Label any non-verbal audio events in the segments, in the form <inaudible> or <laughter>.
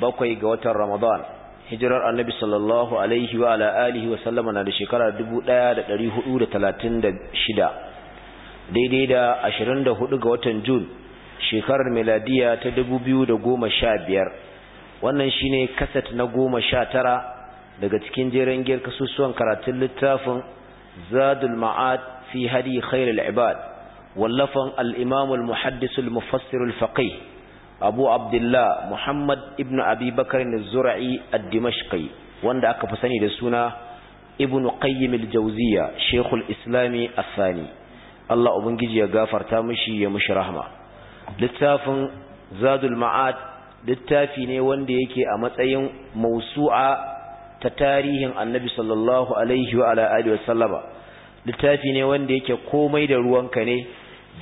bakwai ga watan Ramadan hijirar Annabi sallallahu alaihi wa ala wa sallama na da shekara 1436 daidai da 24 ga watan Jun shekarar miladiya ta 2015 wannan shine kasat na 19 daga cikin jeren giyar kasusuwan karatun littafin Zadul Ma'ad fi Hadi Khairul Ibad wallafan al muhaddisul al faƙai. abu abdullah muhammad ibn abi bakar zura'i a Dimashqai wanda aka fi sani da suna ibn qayyim al-jawziya shaykhul islami as-sani Allah ubangiji ya gafarta mashi ya mushi rahma littafin zadul ma'ad littafi ne wanda yake a matsayin mausu'a ta tarihin annabi sallallahu alaihi wa alihi littafi ne wanda yake komai da ruwanka ne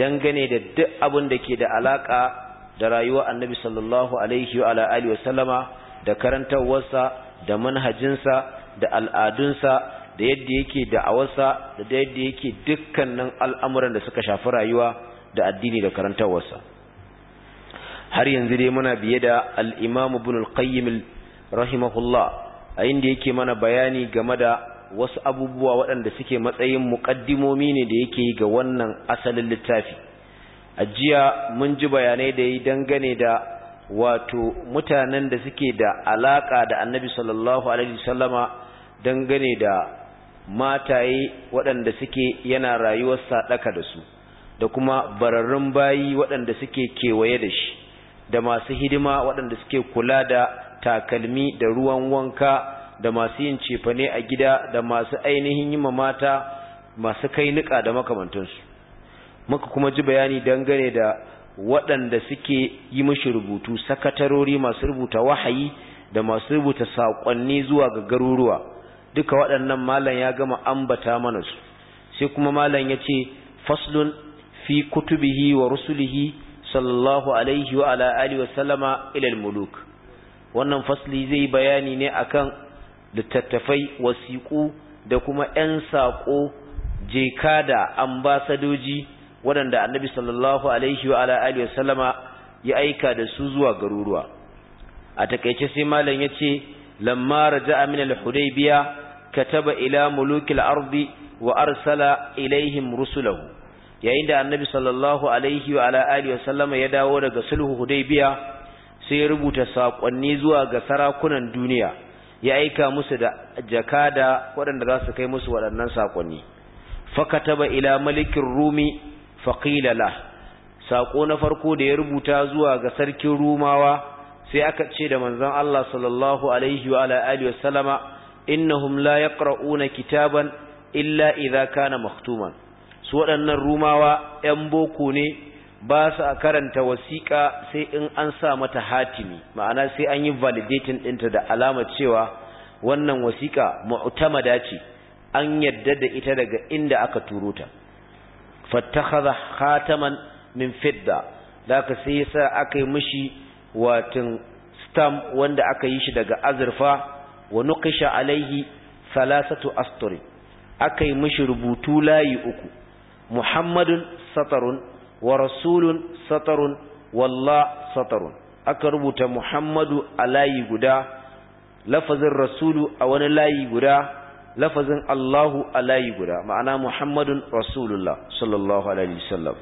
dangane da duk abin da ke da alaka da rayuwar annabi sallallahu alaihi wa alihi wasallama da karantarwarsa da manhajinsa da al'adunsa da yadda yake da'awarsa da yadda yake dukkanin al'amuran da suka shafi rayuwa da addini da karantawarsa har yanzu dai muna biye da al-Imam Ibn al-Qayyim rahimahullah a inda yake mana bayani game da wasu abubuwa waɗanda suke matsayin muƙaddimomi ne da yake yi ga wannan asalin littafi A jiya mun ji bayanai da yi dangane da wato mutanen da suke da alaka da annabi sallallahu alaihi sallama dangane da mataye waɗanda suke yana rayuwar sadaka da su da kuma bararrun bayi waɗanda suke kewaye da shi da masu hidima waɗanda suke kula da takalmi da ruwan wanka da masu yin cefane a gida da masu ainihin yi mata masu kai niƙa da makamantansu muka kuma ji bayani dangane da waɗanda suke yi mashi rubutu sakatarori masu rubuta wahayi da masu rubuta saƙonni zuwa ga garuruwa duka waɗannan malam ya gama ambata mana su sai kuma malam ya ce faslun fi kutubihi wa rusulihi sallallahu alaihi wa ala wa salama. ilal muluk wannan fasli zai bayani ne akan littattafai wasiƙu da kuma 'yan saƙo jeka da ambasadoji waɗanda annabi sallallahu alaihi wa alihi sallama ya aika da su zuwa garuruwa a takeice sai malam yace lamma raja'a min al-hudaybiya kataba ila mulukil ardi wa arsala ilaihim rusulahu yayin da annabi sallallahu alaihi wa alihi sallama ya dawo daga sulhu hudaybiya sai ya rubuta sakonni zuwa ga sarakunan duniya ya aika musu da jakada waɗanda za su kai musu waɗannan sakonni fakataba ila malikin rumi faqila la sako na farko da ya rubuta zuwa ga sarkin rumawa sai aka ce da manzon Allah sallallahu alaihi wa ala alihi na innahum la yaqra'una kitaban illa idha kana maktuman su waɗannan rumawa 'yan boko ne ba su a karanta wasiƙa sai in an sa mata hatimi ma'ana sai an yi validating ɗinta da alama cewa wannan wasiƙa mu'tamada ce an yadda da ita daga inda aka turo ta fattakhadha khataman min fidda laka sai yasa aka yi mishi watin stam wanda aka yi shi daga azurfa wa nuqisha alaihi salasatu asturi aka yi mishi rubutu layi uku muhammadun satarun wa rasulun satarun wallah satarun aka rubuta muhammadu a layi guda lafazin rasulu a wani layi guda lafazin Allahu alayi guda ma'ana Muhammadun Rasulullah sallallahu alaihi wasallam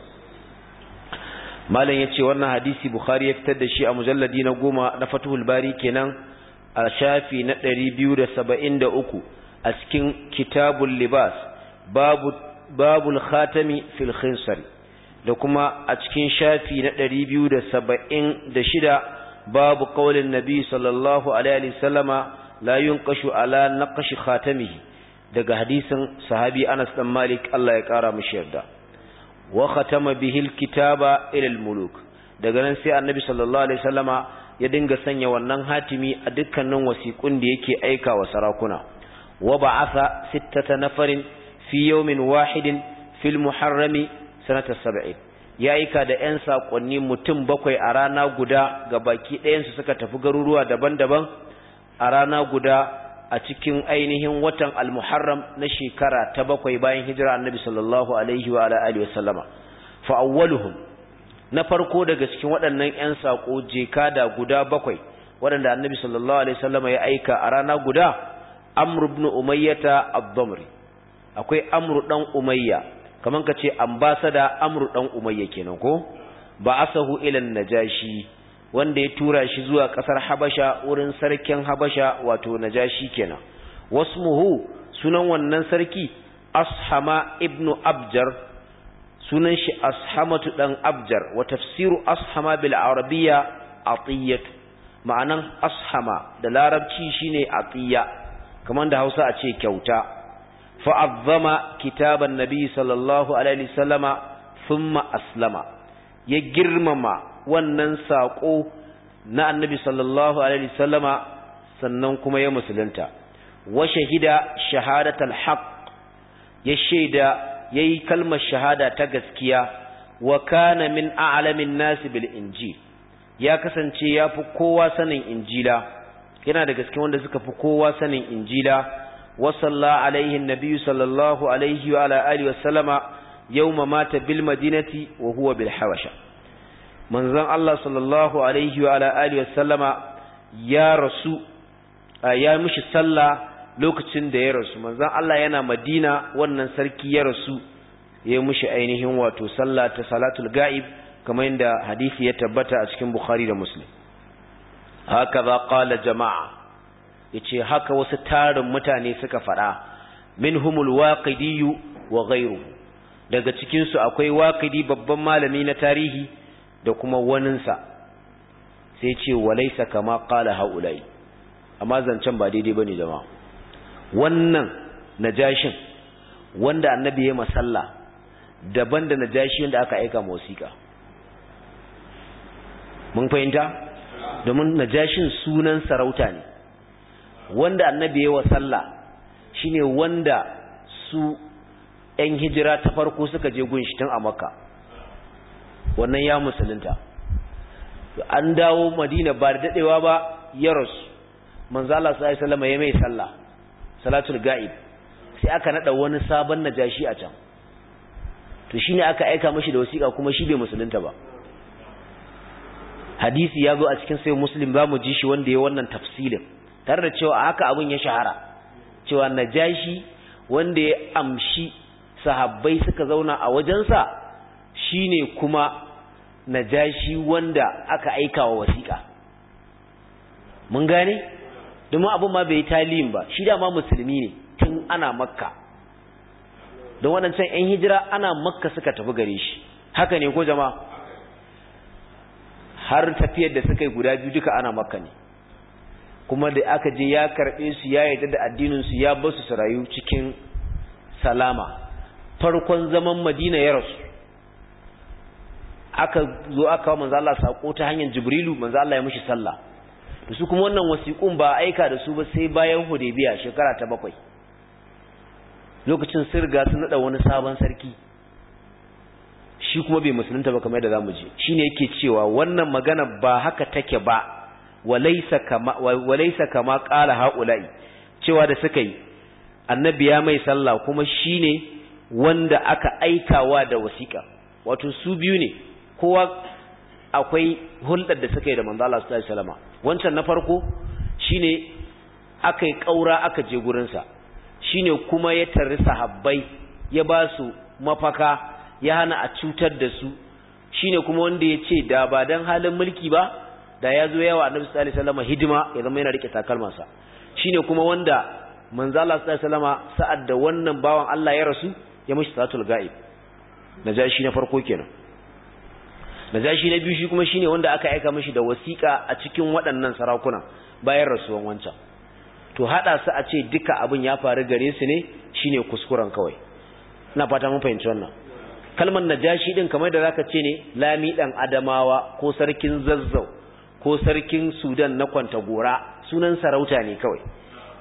malam yace wannan hadisi Bukhari ya fitar da shi a mujalladi na goma na Fathul Bari kenan a shafi na 273 a cikin Kitabul Libas babu babul khatami fil khinsar da kuma a cikin shafi na 276 babu qaulin Nabi sallallahu alaihi wasallama la yunqashu ala naqashi khatamihi daga hadisin sahabi Anas dan Malik Allah ya kara mishi yarda wa khatama bihi alkitaba ila almuluk daga nan sai annabi sallallahu alaihi wasallama ya dinga sanya wannan hatimi a dukkanin wasiƙun da yake aika wa sarakuna wa ba'atha sittata nafarin fi yawmin wahidin fil muharrami sanata 70 ya aika da 'yan saƙonni mutum bakwai a rana guda ga baki ɗayansu suka tafi garuruwa daban-daban a rana guda a cikin ainihin watan al-muharram na shekara ta bakwai bayan hijira annabi sallallahu alaihi wa alihi wa sallama fa awwaluhum na farko daga cikin waɗannan ƴan sako jekada guda bakwai waɗanda annabi sallallahu alaihi sallama ya aika a rana guda amr ibn umayyata ad-damri akwai amr dan umayya kaman kace ambassador amr dan umayya kenan ko ba asahu ila najashi wanda ya tura shi zuwa ƙasar Habasha wurin sarkin Habasha wato Najashi kenan wasmuhu sunan wannan sarki Ashama ibnu Abjar sunan shi Ashamatu dan Abjar wa tafsiru Ashama bil Arabiyya Atiyatu ma'anan Ashama da Larabci shine Atiya kamar da Hausa a ce kyauta fa azzama kitaban nabi sallallahu alaihi wasallama thumma aslama ya girmama wannan saƙo na annabi sallallahu alaihi sallama sannan kuma ya musulunta wa shahida shahadatal haqq ya shaida yayi kalmar shahada ta gaskiya wa kana min a'lamin bil injil ya kasance ya fi kowa sanin injila yana da gaske wanda suka fi kowa sanin injila wa salla alaihi nabiyyu sallallahu alaihi wa ala alihi wa sallama yawma mata bil madinati wa huwa bil habasha manzon Allah sallallahu alaihi wa alihi wasallama ya rasu ya mishi sallah lokacin da ya rasu manzon Allah yana Madina wannan sarki ya rasu ya mishi ainihin wato sallah ta salatul ga'ib kamar yadda hadisi ya tabbata a cikin Bukhari da Muslim haka za qala jama'a yace haka wasu tarin mutane suka faɗa minhumul waqidi wa gairu. daga cikin su akwai waqidi babban malami na tarihi da kuma waninsa sai ce walaisa kama kala haulai amma zancen ba daidai ba ne jama wannan najashin wanda annabi ya masalla daban da najashi wanda aka aika musika mun fahimta domin najashin sunan sarauta ne wanda annabi ya wasalla shine wanda su 'yan hijira ta farko suka je gunshi tun a makka wannan ya musulunta an dawo madina ba da dadewa ba ya rasu manzala sallallahu ya mai sallah salatul ga'ib sai aka nada wani sabon najashi a can to shine aka aika mishi da wasiƙa kuma shi bai musulunta ba hadisi ya zo a cikin sai muslim za mu ji shi wanda ya wannan tafsilin tare da cewa haka abin ya shahara cewa najashi wanda ya amshi sahabbai suka zauna a wajensa Shi ne kuma najashi wanda aka aika wa wasiƙa mun gane domin abin ma bai yi talim ba shi dama musulmi ne tun ana makka don waɗancan 'yan hijira ana makka suka tafi gare shi haka ne ko jama har tafiyar da suka yi guda biyu duka ana makka ne kuma da aka je ya karɓe su ya yarda da addininsu ya basu su rayu cikin salama farkon zaman madina ya rasu aka zo aka kawo manzo Allah sako ta hanyar Jibrilu manzo Allah ya mishi sallah to su kuma wannan wasiqun ba aika da su ba sai bayan Hudaybiya shekara ta bakwai lokacin sirga sun nada wani sabon sarki shi kuma bai musulunta ba kamar yadda zamu ji shine yake cewa wannan magana ba haka take ba walaysa kama walaysa kama qala haula'i cewa da suka yi annabi ya mai sallah kuma shine wanda aka aikawa da wasiƙa wato su biyu ne kowa akwai hulɗar da suka yi da manzo Allah sallallahu alaihi wasallam wancan na farko shine aka kaura aka je gurin sa shine kuma ya tarri sahabbai ya ba su mafaka ya hana a cutar da su shine kuma wanda ya ce da ba dan halin mulki ba da ya zo yawa annabi sallallahu alaihi wasallam hidima ya zama yana rike sa shine kuma wanda manzo Allah sallallahu alaihi wasallam sa'ad da wannan bawan Allah ya rasu ya mishi salatul ga'ib najashi na farko kenan najashi na biyu shi kuma shine wanda aka aika mishi da wasiƙa a cikin waɗannan sarakunan bayan rasuwan wancan to haɗa su a ce duka abin ya faru gare su ne shine kuskuren kawai ina fata mun fahimci wannan kalmar najashi din kamar da zaka ce ne lami dan adamawa ko sarkin zazzau ko sarkin sudan na kwanta gora sunan sarauta ne kawai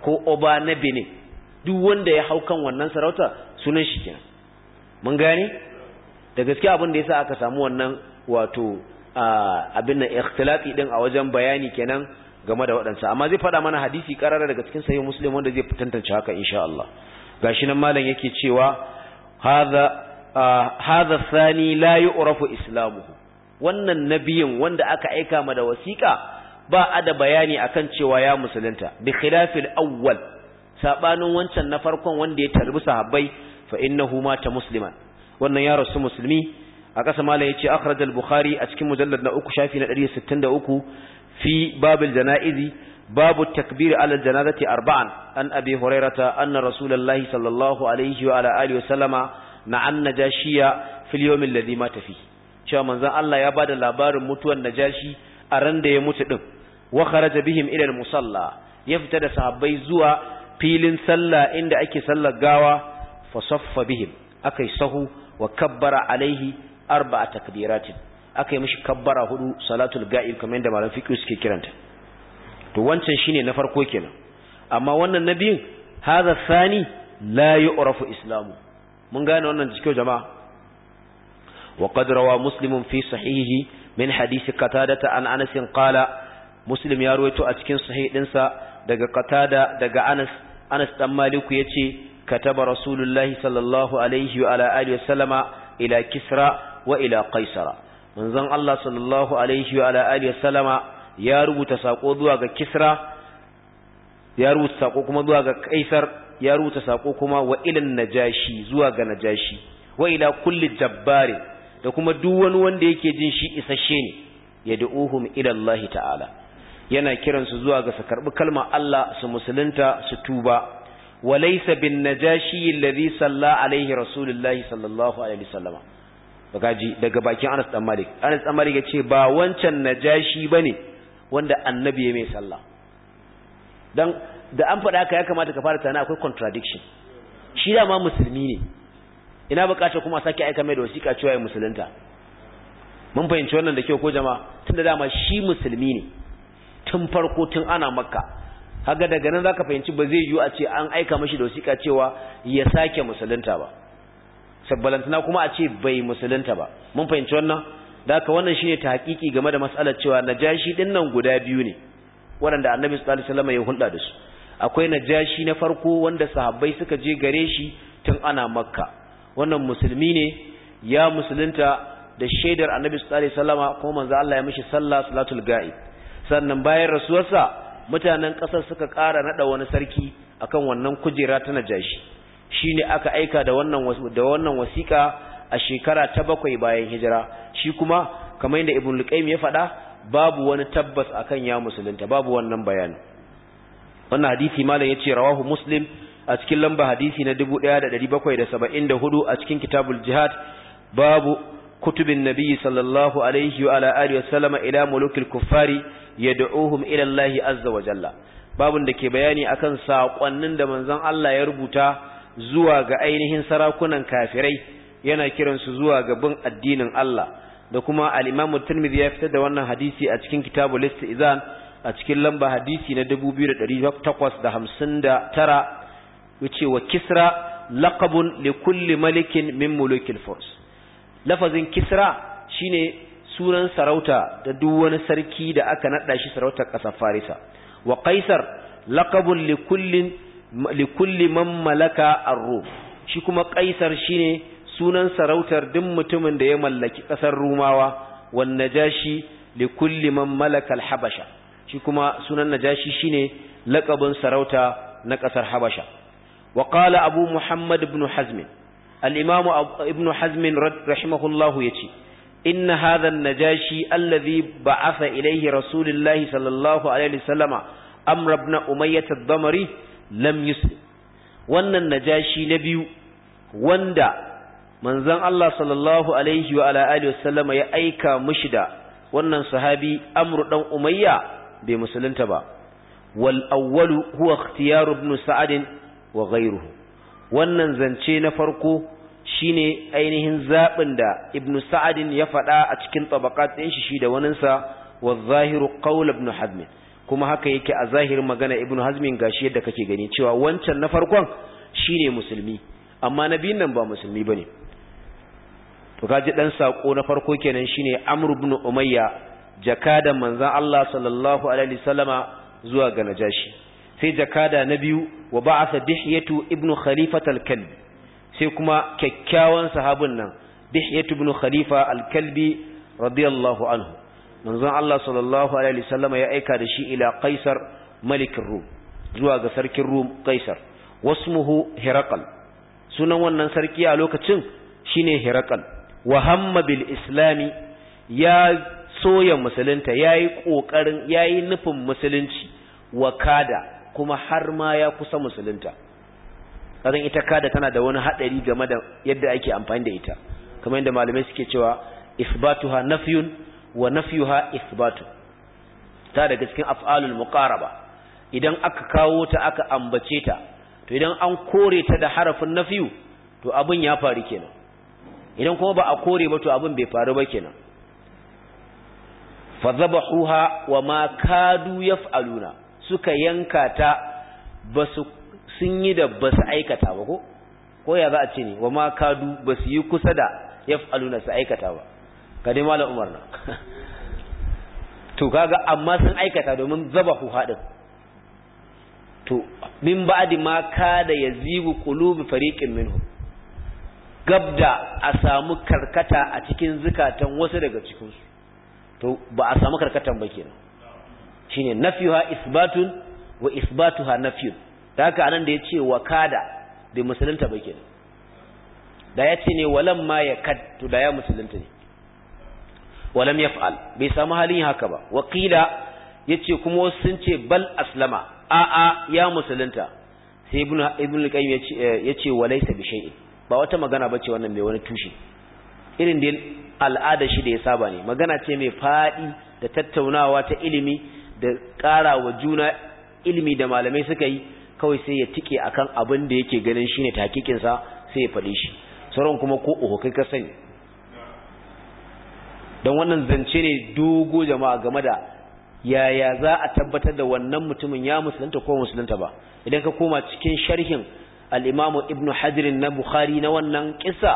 ko oba na benin duk wanda ya hau kan wannan sarauta sunan shi kenan mun gane da gaskiya abin da yasa aka samu wannan wato abin nan ikhtilafi din a wajen bayani kenan game da waɗansa amma zai faɗa mana hadisi karara daga cikin sahih muslim wanda zai tantance haka insha Allah gashi nan malam yake cewa hadha hadha thani la yu'rafu islamuhu wannan nabiyin wanda aka aika ma da wasiƙa ba a da bayani akan cewa ya musulunta bi khilafil awwal sabanin wancan na farkon wanda ya tarbi sahabbai fa innahu mata musliman wannan ya rasu musulmi a ƙasa mala ya ce akhrajal bukhari a cikin mujallar na uku shafi na 163 fi babul janaizi babu takbir ala janazati arba'an an abi hurairata anna rasulullahi sallallahu alaihi wa ala alihi sallama na an najashiya fil yawmin alladhi mata fi cewa manzon Allah ya bada labarin mutuwar najashi a ran da ya mutu din wa kharaja bihim ila al-musalla ya fita da sahabbai zuwa filin sallah inda ake sallar gawa fa saffa bihim akai sahu wa kabbara alaihi arba'a takbiratin aka yi mishi kabbara hudu salatul ga'ib kamar yadda malam fiqh suke kiranta to wancan shine na farko kenan amma wannan na biyun hadha thani la yu'rafu islamu mun gane wannan cikin jama'a wa qad musulmin fi sahihi min hadisi ta an anas qala muslim ya ruwaito a cikin sahih dinsa daga katada daga anas anas dan maliku yace kataba rasulullahi sallallahu alaihi wa ala alihi wa sallama ila kisra wa ila qaisara manzon Allah sallallahu alaihi wa alihi wasallama ya rubuta sako zuwa ga kisra ya rubuta sako kuma zuwa ga kaisar ya rubuta sako kuma wa ila najashi zuwa ga najashi wa ila kulli jabbari da kuma duk wani wanda yake jin shi isasshe ne yad'uhum ila Allah ta'ala yana kiransu zuwa ga su karbi kalma Allah su musulunta su tuba walaysa bin najashi alladhi salla alaihi rasulullahi sallallahu alaihi wasallama gaji daga bakin Anas dan Malik Anas dan Malik yace ba wancan najashi bane wanda annabi ya mai sallah dan da an faɗa haka ya kamata ka fara tana akwai contradiction shi da ma musulmi ne ina bukatar kuma sake aika mai da wasiƙa cewa ya musulunta mun fahimci wannan da kyau ko jama'a tunda dama shi musulmi ne tun farko tun ana makka haka daga nan zaka fahimci ba zai yiwu a ce an aika mashi da wasiƙa cewa ya sake musulunta ba sabbalantana kuma a ce bai musulunta ba mun fahimci wannan da haka wannan shine ta hakiki game da matsalar cewa najashi din nan guda biyu ne waɗanda annabi sallallahu alaihi wasallam ya hulɗa da su akwai najashi na farko wanda sahabbai suka je gare shi tun ana makka wannan musulmi ne ya musulunta da shaidar annabi sallallahu alaihi wasallam kuma manzo Allah ya mishi sallah salatul ga'ib sannan bayan rasuwarsa mutanen ƙasar suka ƙara nada wani sarki akan wannan kujera ta najashi shine aka aika da wannan da wannan wasiƙa a shekara ta bakwai bayan hijira shi kuma kamar yadda ibn luqaym ya faɗa babu wani tabbas akan ya musulunta babu wannan bayani wannan hadisi malam yace rawahu muslim a cikin lamba hadisi na 1774 a cikin kitabul jihad babu kutubin nabi sallallahu alaihi wa ala alihi wasallama ila mulukil kuffari yad'uhum ila allahi azza wa jalla babun da ke bayani akan saƙonnin da manzon Allah ya rubuta zuwa ga ainihin sarakunan kafirai yana kiransu zuwa ga bin addinin Allah da kuma al-Imam Tirmidhi ya fitar da wannan hadisi a cikin Kitabul Istizan a cikin lamba hadisi na 2859 yace wa Kisra laqabun likulli kulli malikin min mulukil furs lafazin Kisra shine sunan sarauta da duk wani sarki da aka nada shi sarautar ƙasar Farisa wa Qaisar laqabun li likulli man malaka ar-rum shi kuma kaisar shine sunan sarautar duk mutumin da ya mallaki kasar rumawa wan najashi likulli man malaka al-habasha shi kuma sunan najashi shine laqabin sarauta na kasar habasha wa qala abu muhammad ibn hazm al-imam ibn hazm rahimahullahu yace inna hadha an-najashi alladhi ba'atha ilayhi rasulullahi sallallahu alaihi wasallama amr ibn umayyah ad-damri lam yuslim wannan najashi na biyu wanda manzon Allah sallallahu alaihi wa alihi wasallama ya aika mushi da wannan sahabi amru dan Umayya bai musulunta ba wal awwalu huwa ikhtiyar ibn Sa'd wa ghayruhu wannan zance na farko shine ainihin zabin da ibn Sa'd ya faɗa a cikin tabaqat ɗin shi da waninsa wa zahiru qawl ibn Hazm kuma haka yake a zahirin magana ibnu hazmin gashi yadda kake gani cewa wancan na farkon shine musulmi amma na biyun nan ba musulmi bane to kaji dan sako na farko kenan shine amr ibn umayya jakada manzon Allah sallallahu alaihi wasallama zuwa ga najashi sai jakada na biyu wa ba'atha dihyatu ibn khalifat al-kalb sai kuma kyakkyawan sahabin nan dihyatu ibn khalifa al-kalbi radiyallahu anhu manzon Allah sallallahu alaihi wasallam ya aika da shi ila Qaisar malikin Rum zuwa ga sarkin Rum Qaisar wasmuhu Hiraqal sunan wannan sarki a lokacin shine Hiraqal wa hamma bil islami ya soya musulunta yayi kokarin yayi nufin musulunci wa kada kuma har ma ya kusa musulunta kadan ita kada tana da wani hadari game da yadda ake amfani da ita kamar yadda malamai suke cewa isbatuha nafyun wa nafyuha isbatu ta daga cikin af'alul muqaraba idan aka kawo ta aka ambace ta to idan an kore ta da harafin nafyu to abin ya faru kenan idan kuma ba a kore ba to abin bai faru ba kenan fadhabahuha wa ma kadu yaf'aluna suka yanka ta basu sun yi da basu aikata ba ko ko ya za a ce ne wa ma kadu basu yi kusa da yaf'aluna su aikata ba Ka dai malam umar na to kaga amma sun aikata domin zaba hu hadin to min ba'di ma da yazigu qulubi fariqin minhum gabda a samu karkata a cikin zukatan wasu daga cikin su to ba a samu karkatan ba kenan shine nafiyuha isbatun wa isbatuha nafyun da haka anan da yace wa kada bi musulunta ba kenan da yace ne walamma yakad to da ya musulunta ne walam yaf'al bai samu halin haka ba waqila yace kuma wasu sun ce bal aslama a a ya musulunta sai ibn ibn al-qayyim yace eh, yace walaysa bi shay'in ba wata magana bace wannan mai wani tushe irin da al'ada shi da ya saba ne magana ce mai fadi da tattaunawa ta ilimi da ƙarawa wa juna ilimi da malamai suka yi kawai sai ya tike akan abin da yake ganin shine sa sai ya faɗi shi sauran kuma ko oho kai ka sani don wannan zance ne dogo jama'a game da yaya za a tabbatar da wannan mutumin ya musulunta ko musulunta ba idan ka koma cikin sharhin al-imamu ibnu hajar na buhari na wannan za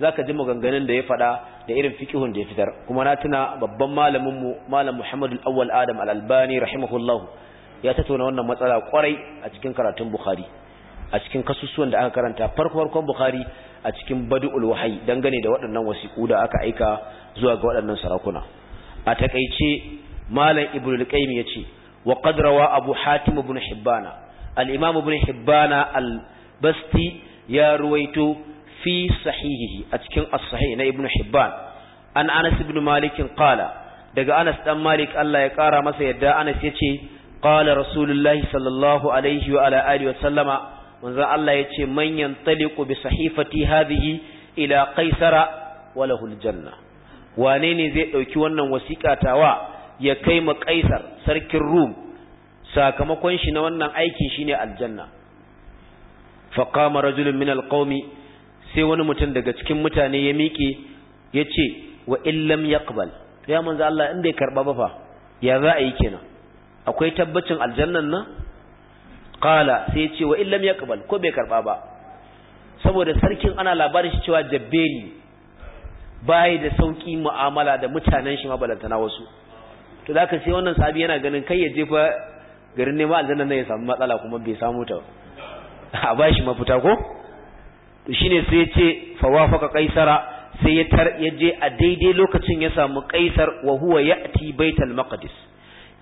zaka ji maganganun da ya faɗa da irin fikihun da ya fitar kuma na tuna babban malaminmu mu malam Muhammad al Adam al-Albani rahimahullahu ya tattauna wannan matsala kwarai a cikin karatun buhari a cikin kasusuwan da aka karanta farko farkon buhari a cikin badu'ul wahayi dangane da waɗannan wasiƙu da aka aika zuwa ga waɗannan sarakuna a takaice malam ibnu al-qayyim yace wa qad rawa abu hatim ibn hibbana al-imam ibn hibbana al-basti ya ruwaito fi sahihihi a cikin as-sahih na ibn hibban an anas ibn malik qala daga anas dan malik Allah ya kara masa yadda anas yace qala rasulullahi sallallahu alaihi wa ala alihi wa sallama manzo Allah yace man yantaliqu bi sahifati hadhihi ila qaisara wa lahu al-janna wane ne zai ɗauki wannan wasiƙa tawa ya kai ma kaisar sarkin rum sakamakon shi na wannan aiki shine aljanna faqama rajulun min alqaumi sai wani mutum daga cikin mutane ya miƙe ya ce wa illam yaqbal ya manzo Allah in bai karba ba fa ya za a yi kenan akwai tabbacin aljannan nan qala sai ya ce wa illam yaqbal ko bai karba ba saboda sarkin ana labarin shi cewa jabbeli bai da sauki mu'amala da mutanen shi mabalantana wasu to da sai wannan sabi yana ganin kai ya jefa garin ne ma aljanna ne ya samu matsala kuma bai samu ta a ba shi mafita ko to shine sai ya ce fa wafaka qaisara sai ya tar ya je a daidai lokacin ya samu Kaisar wa huwa ya'ti baitul maqdis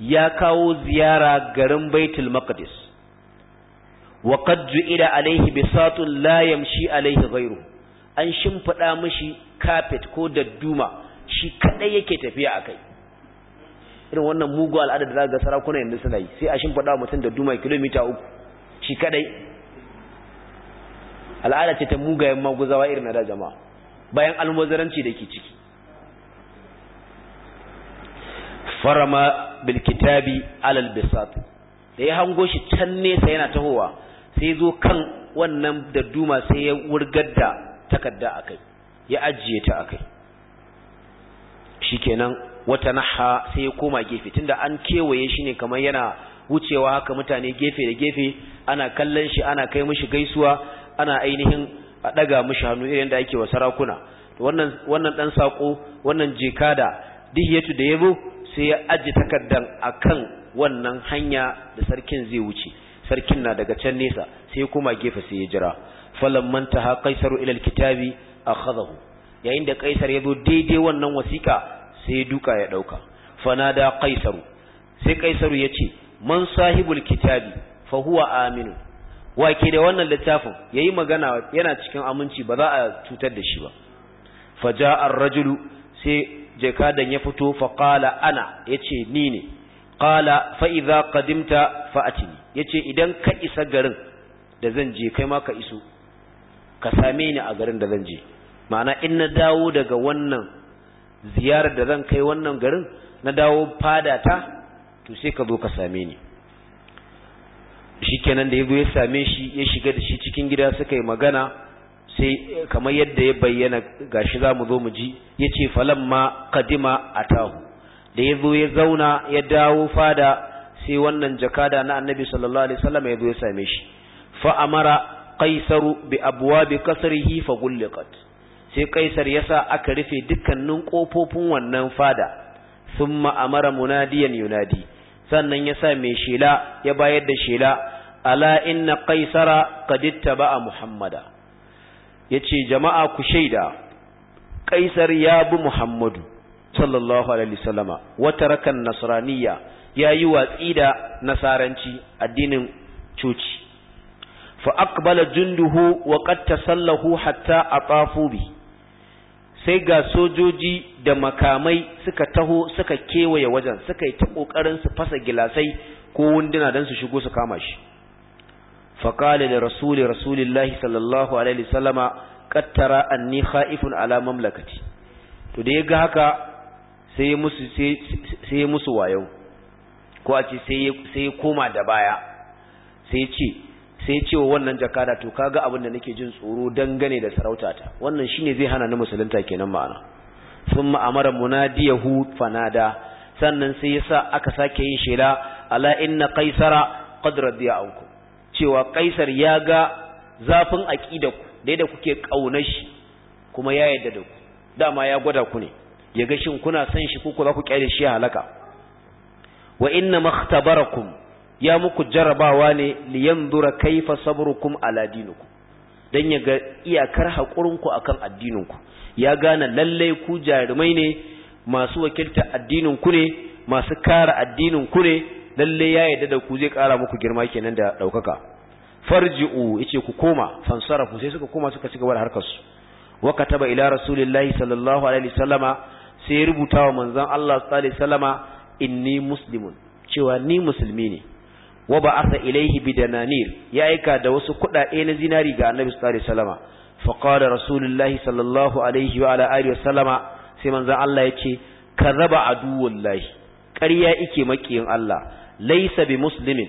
ya kawo ziyara garin baitul maqdis wa qad ju'ila alayhi bisatun la yamshi alayhi ghayru an shimfida mishi carpet ko dadduma shi kadai yake tafiya a kai irin wannan mugu al'ada da za ga sarakuna yanzu suna yi sai a shimfiɗa mutum da duma kilomita uku shi kadai al'ada ce ta mugayen maguzawa irin na da jama'a bayan almozaranci da ke ciki farama bilkitabi alal bisat da ya hango shi can nesa yana tahowa sai zo kan wannan da duma sai ya wurgar da takarda kai. ya ajiye ta akai shikenan wata naha sai ya koma gefe tunda an kewaye shi ne kamar yana wucewa haka mutane gefe da gefe ana kallon shi ana kai mishi gaisuwa ana ainihin a daga mishi hannu irin da ake wa sarakuna wannan wannan dan sako wannan jikada yatu da yabo sai ya aje takardan akan wannan hanya da sarkin zai wuce sarkin na daga can nesa sai ya koma gefe sai ya jira falamman taha qaisaru ila alkitabi akhadahu yayin da kaisar ya zo daidai wannan wasiƙa sai duka ya dauka fanada kaisaru sai kaisaru yace man sahibul kitabi fa huwa aminu wake da wannan littafin yayi magana yana cikin aminci ba za a cutar da shi ba faja ar-rajulu sai jakadan ya fito fa qala ana yace ni ne qala fa idza qadimta fa atini yace idan ka isa garin da zan je kai ma ka iso ka same ni a garin da zan je ma'ana in na dawo daga wannan ziyarar da zan kai wannan garin na dawo fada ta to sai ka zo ka same ni shikenan da ya zo ya same shi ya shiga da shi cikin gida suka yi magana sai kamar yadda ya bayyana gashi za mu zo mu ji ya ce ma kadima tahu da ya zo ya zauna ya dawo fada sai wannan jakada na annabi sallallahu alaihi wasallam ya zo ya same shi fa amara qaisaru bi abwabi kasrihi fa gulliqat sai kaisar yasa aka rufe dukkanin ƙofofin wannan fada sun amara munadiyan yunadi sannan yasa mai shela ya bayar da shela ala inna qaisara qad ittaba'a muhammada yace jama'a ku shaida kaisar ya bi muhammadu sallallahu alaihi wasallama wa tarakan ya yi watsi da nasaranci addinin coci. fa aqbala junduhu wa qad tasallahu hatta atafu bihi sai ga sojoji da makamai suka taho suka kewaye wajen suka yi ta kokarin su fasa gilasai ko wunduna dan su shigo su kama shi faqala li rasuli rasulillahi sallallahu alaihi wasallama qattara anni khaifun ala mamlakati to da yaga haka sai musu sai musu wayo ko a ce sai sai koma da baya sai ce sai ce wa wannan jakada to kaga abin da nake jin tsoro dangane da sarautata wannan shine zai hana ni musulunta kenan ma'ana sun ma'amara munadiyahu fanada sannan sai yasa aka sake yin shela ala inna qaisara qad radiya anku cewa kaisar ya ga zafin aqidaku da yadda kuke kauna shi kuma ya yarda da ku dama ya gwada ku ne ya ga shin kuna son shi ko ku za ku kyale shi halaka wa inna makhtabarakum ya muku jarabawa ne liyanzura kaifa sabrukum ala dinikum dan ya ga iyakar hakurinku akan addininku ya gane lalle ku jarumai ne masu wakilta addininku ne masu kara addininku ne lalle ya yarda da ku zai kara muku girma kenan da daukaka farji'u yace ku koma fansarafu sai suka koma suka cigaba da harkar su wa kataba ila rasulillahi sallallahu alaihi wasallama sai rubuta wa manzon Allah sallallahu alaihi wasallama inni muslimun cewa ni musulmi ne wa ba'atha ilayhi bidananir ya aika da wasu kudade na zinari ga annabi sallallahu alaihi wasallam fa qala rasulullahi sallallahu alaihi wa ala alihi wasallama sai manzo Allah yace karaba aduwallahi ƙarya ike makiyin Allah laysa bi muslimin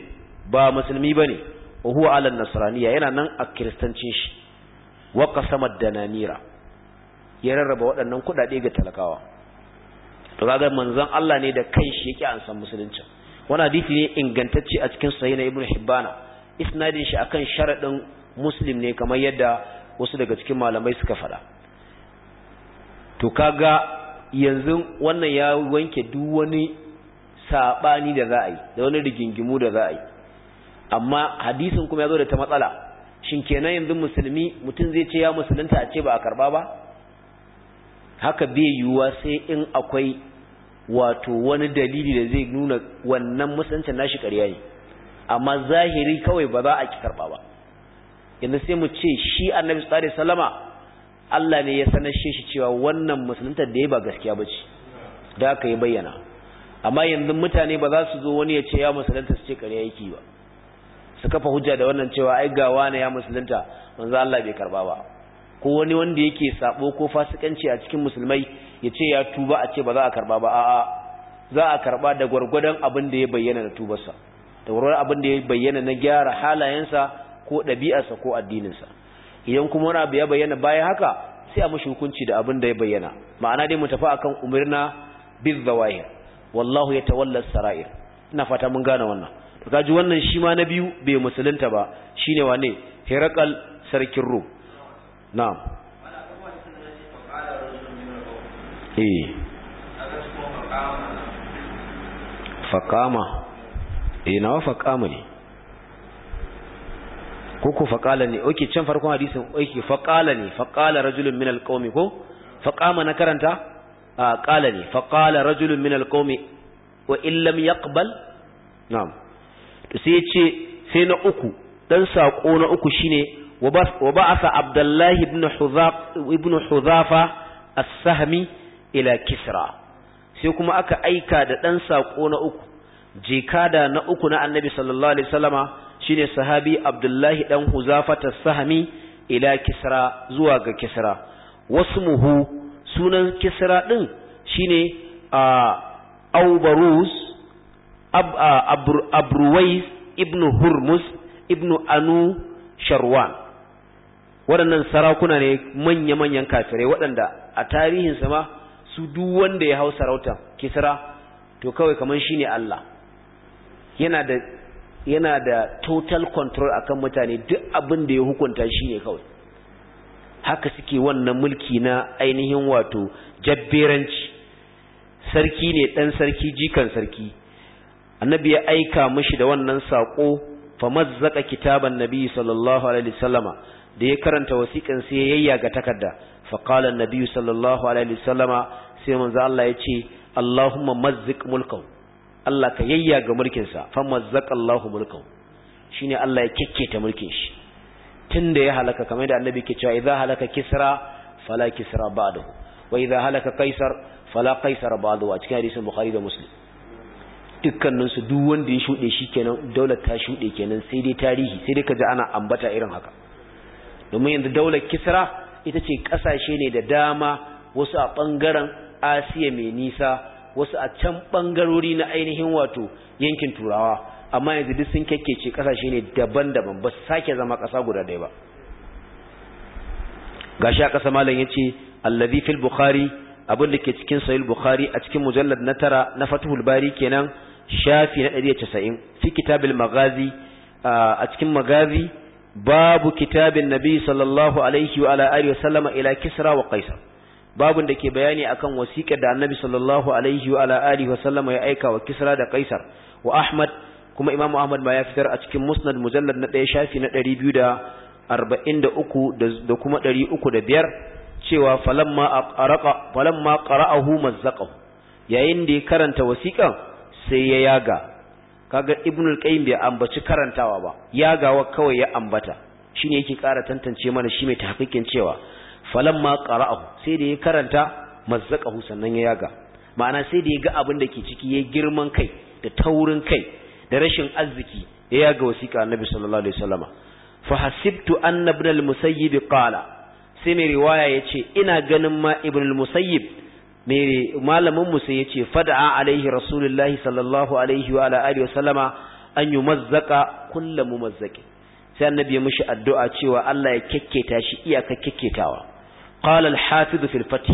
ba musulmi bane wa huwa ala nasraniya yana nan a kristancin shi wa qasama dananira ya rarraba waɗannan kudade ga talakawa to kaga manzon Allah ne da kanshi yake an san musulunci wani hadisi ne ingantacce a cikin sahih na ibn hibbana isnadin shi akan sharadin muslim ne kamar yadda wasu daga cikin malamai suka faɗa to kaga yanzu wannan ya wanke duk wani sabani da za da wani rigingimu da za amma hadisin kuma ya zo da ta matsala shin kenan yanzu musulmi mutum zai ce ya musulunta a ce ba a karba ba haka bai yiwuwa sai in akwai wato wani dalili da zai nuna wannan musuncin nashi ƙarya ne amma zahiri kawai ba za a ki karɓa ba yanzu sai mu ce shi annabi sallallahu alaihi Allah ne ya sanar shi cewa wannan musuluntar da ya ba gaskiya ba ce da aka yi bayyana amma yanzu mutane ba za su zo wani ya ce ya musulunta su ce ƙarya yake ba su kafa hujja da wannan cewa ai ga wani ya musulunta manzo Allah bai karba ba ko wani wanda yake sabo ko fasikanci a cikin musulmai ya ce ya tuba a ce ba za a karba ba a'a za a karba da gwargwadon abin da ya bayyana da tubarsa da gwargwadon abin da ya bayyana na gyara halayensa ko ɗabi'arsa ko addininsa idan kuma wani abu ya bayyana bayan haka sai a mashi hukunci da abin da ya bayyana ma'ana dai mu tafi akan umirna bin zawahir wallahu ya tawallar sarair ina fata mun gane wannan to kaji wannan shi ma na biyu bai musulunta ba shine wane hirakal sarkin rum na'am eh faƙama eh nawa faƙama ne ko ko faƙala ne oke can farkon hadisin oke faƙala ne faƙala rajulun min alƙawmi ko faƙama na karanta a ƙala ne faƙala rajulun min alƙawmi wa illam yaqbal na'am to sai ce sai na uku dan sako na uku shine wa ba'atha abdullahi ibn hudhafa ibn Huzafa as-sahmi ila kisra sai kuma aka aika da ɗan saƙo na uku jikada na uku na annabi sallallahu alaihi wasallama shine sahabi abdullahi dan huzafata sahami ila kisra zuwa ga kisra wasmuhu sunan kisra ɗin shine aubaruz abruwais Ibn hurmus Ibn anu sharwan waɗannan sarakuna ne manya-manyan kafirai waɗanda a tarihinsa ma su duk wanda ya hau sarauta kisra to kawai kaman shine Allah yana da yana da total control akan mutane duk abin da ya hukunta shine kawai haka suke wannan mulki na ainihin wato jabberanci sarki ne dan sarki jikan sarki annabi ya aika mishi da wannan sako famazzaka kitaban nabi sallallahu alaihi wasallama da ya karanta wasiƙan sai yayya ga takarda fa qala an-nabi sallallahu alaihi wasallama sai manzo Allah ya ce Allahumma mazzik mulkahu Allah ka yayya ga mulkin sa fa mazzaka Allahu mulkahu shine Allah ya kikkita mulkin shi tunda ya halaka kamar da annabi ke cewa idza halaka kisra fala kisra ba'dahu wa idza halaka qaisar fala qaisar ba'dahu a cikin hadisin bukhari da muslim dukkanin su duk wanda ya shude shi kenan daular ta shude kenan sai dai tarihi sai dai kaji ana ambata irin haka domin yanzu daular kisra ita ce kasashe ne da dama wasu a bangaren asiya mai nisa wasu a can bangarori na ainihin wato yankin turawa amma yanzu duk sun kyakkece kasashe ne daban-daban ba su sake zama kasa guda ɗaya ba gashi a ƙasa malam yace allazi fil bukhari abin da ke cikin sahih bukhari a cikin mujallar na tara na fathul bari kenan shafi na 190 fi kitabil magazi a cikin magazi babu kitabin nabi sallallahu alaihi wa ala alihi wa sallama ila kisra wa qaisar babun da ke bayani akan wasiƙar da annabi sallallahu alaihi wa alihi wasallama ya aika wa kisra da kaisar wa ahmad kuma imamu ahmad ma ya fitar a cikin musnad mujallad na ɗaya shafi na ɗari biyu da arba'in da uku da kuma ɗari uku da biyar cewa falamma ƙara'ahu mazzaƙahu yayin da ya karanta wasiƙan sai ya yaga kaga ibnul qayyim bai ambaci karantawa ba yagawa kawai ya ambata shine yake ƙara tantance mana shi mai tahqiqin cewa Falan ma qara'ahu sai da ya karanta mazzaqahu sannan ya yaga ma'ana sai da ya ga abin da ke ciki ya girman kai da taurin kai da rashin arziki ya yaga wasiƙa annabi sallallahu alaihi wasallama fa hasibtu anna ibn al-musayyib qala sai mai riwaya yace ina ganin ma ibn al-musayyib mai malamin musa ya ce alaihi rasulullahi sallallahu alaihi wa ala alihi wasallama an yi kullu mumazzaki mu sai annabi ya mishi addu'a cewa Allah ya kekketa shi iyaka kekketawa qala al-hafiz fil fath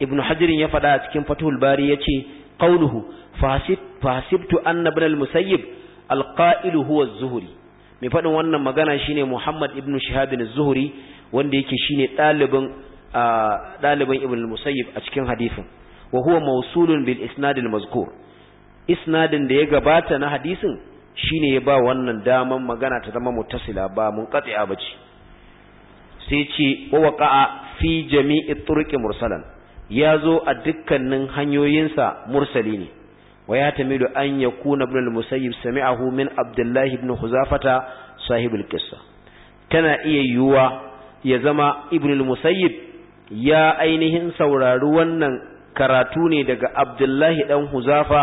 ibn hajar ya faɗa a cikin fathul bari yace qawluhu fahasib fahasibtu anna ibn al-musayyib al-qa'il huwa az-zuhri mai faɗin wannan magana shine muhammad ibn shihab az-zuhri wanda yake shine ɗalibin ɗaliban ibn al-musayyib a cikin hadisin wa huwa mawsulun bil isnad al-mazkur isnadin da ya gabata na hadisin shine ya ba wannan daman magana ta zama mutasila ba mun a bace sai ce wa waqa'a fi jami'i turqi mursalan ya zo a dukkanin hanyoyinsa mursali ne wa ya tamilu an yakuna ibn al-musayyib sami'ahu min abdullah ibn huzafata sahibul qissa tana iya yiwuwa ya zama ibn al-musayyib ya ainihin saurari wannan karatu ne daga abdullahi dan huzafa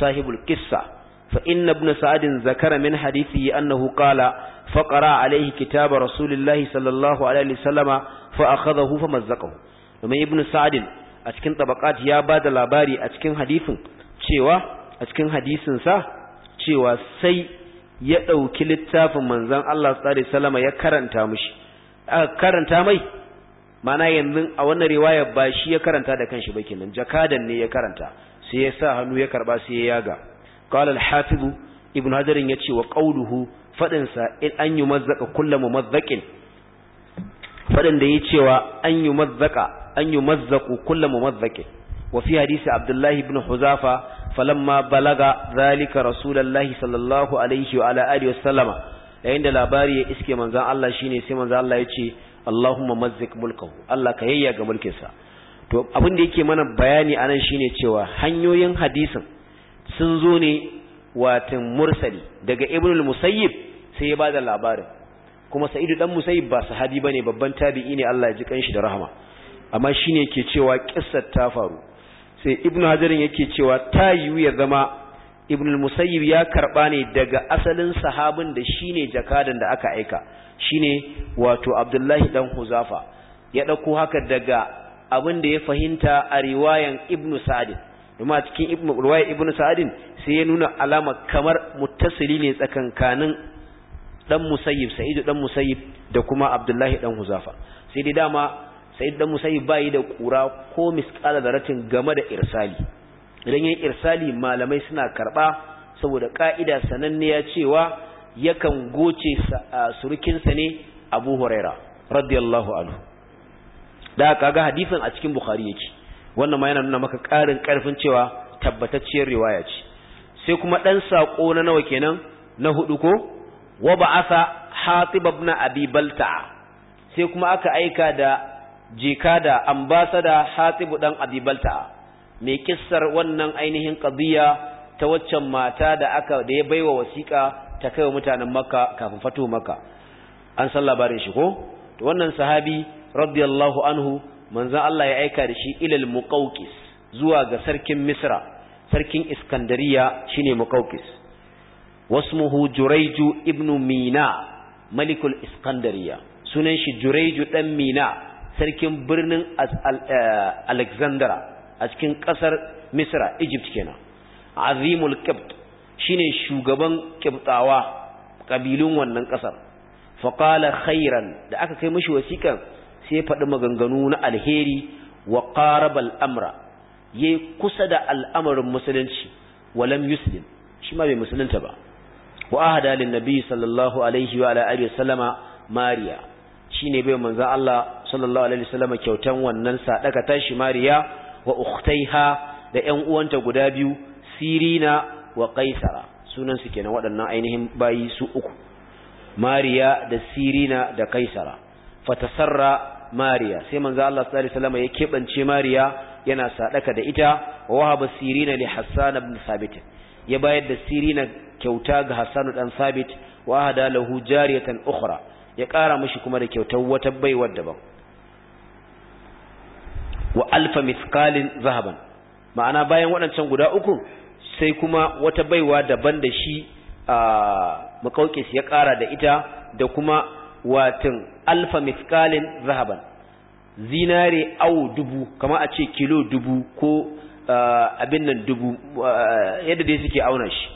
sahibul qissa فإن ابن سعد ذكر من حديثه أنه قال فقرأ عليه كتاب رسول الله صلى الله عليه وسلم فأخذه فمزقه ومن ابن سعد أتكن طبقات يا باد العباري أتكن حديث شوى أتكن حديث سا شوى سي يأو كل التاف من زن الله صلى الله عليه وسلم يكرن تامش أكرن تامي mana yanzu a wannan riwaya ba shi ya karanta da kanshi ba kenan jakadan ne ya karanta sai ya قال الحافظ ابن ibn hajar وقوله wa qawluhu an yumazzaka kullu mumazzaqin fadin da yace wa an yumazzaka an yumazzaku kullu mumazzaqin hadisi abdullahi ibn huzafa falamma balaga zalika rasulullahi sallallahu alaihi yayin da labari ya iske manzon Allah shine sai manzon Allah yace Allahumma Allah mulkinsa to abin da yake mana bayani anan shine cewa hanyoyin hadisin sun zo ne watan mursali daga ibnul musayyib sai ya bada labarin kuma sa'idu dan musayyib ba sahabi bane babban tabi'i ne Allah ya ji kanshi da rahama amma shine yake cewa kissar ta faru sai ibnu hajarin yake cewa ta yiwu ya zama ibnul musayyib ya karba ne daga asalin sahabin da shine jakadan da aka aika shine wato abdullahi dan huzafa ya dauko haka daga abin da ya fahimta a riwayan ibnu sa'id domin a cikin ruwaya Ibn sa'adin sai ya nuna alama kamar mutasiri ne tsakankanin dan musayyib sa'idu dan musayyib da kuma abdullahi dan huzafa sai dai dama sa'idu dan musayyib bai da kura ko misqala daratin game da irsali idan yayin irsali malamai suna karba saboda ka'ida ya cewa yakan goce surukinsa ne abu huraira radiyallahu anhu da kaga hadisin a cikin bukhari yake wannan ma yana nuna maka ƙarin ƙarfin cewa tabbatacciyar riwaya ce sai kuma ɗan saƙo na nawa kenan na hudu ko wa ba'atha hatib ibn abi balta sai kuma aka aika da jika da ambasada hatib dan abi balta mai kissar wannan ainihin qadiya ta waccan mata da aka da ya baiwa wasiƙa ta kai wa mutanen makka kafin fato makka an san labarin shi ko to wannan sahabi radiyallahu anhu manzo Allah ya aika da shi ilal muqawqis zuwa ga sarkin Misra sarkin Iskandariya shine Wasu wasmuhu Juraiju Ibnu Mina malikul Iskandariya sunan shi Juraiju dan Mina sarkin birnin eh, Alexandra a cikin ƙasar Misra Egypt kenan azimul qibt shine shugaban qibtawa ƙabilun wannan ƙasar. faqala khairan da aka kai mashi wasiƙar. sai faɗi maganganu na alheri wa qarabal amra ya kusa da al'amarin musulunci walam yuslim shi ma bai musulunta ba wa ahada lin nabi sallallahu alaihi wa alihi wasallama mariya ne bai manzan Allah sallallahu alaihi wasallama kyautan wannan sadaka tashi mariya wa ukhtaiha da ƴan uwanta guda biyu sirina wa Kaisara, sunan su kenan waɗannan ainihin bayi su uku mariya da sirina da Kaisara fatasarra mariya sai manzo Allah sallallahu alaihi wasallam ya kebance mariya yana sadaka da ita wa wahaba sirina li hassan ibn sabit ya bayar da sirina kyauta ga hassan dan sabit wa hada lahu jariyatan ukhra ya kara mishi kuma da kyautar wata baiwar daban wa alfa mithqalin zahaban ma'ana bayan waɗancan guda uku sai kuma wata baiwa daban da shi a ah, makaukis ya kara da ita da kuma watin alfa miskalin zahaban zinare au dubu kama a ce kilo dubu ko abin nan dubu yadda dai suke auna shi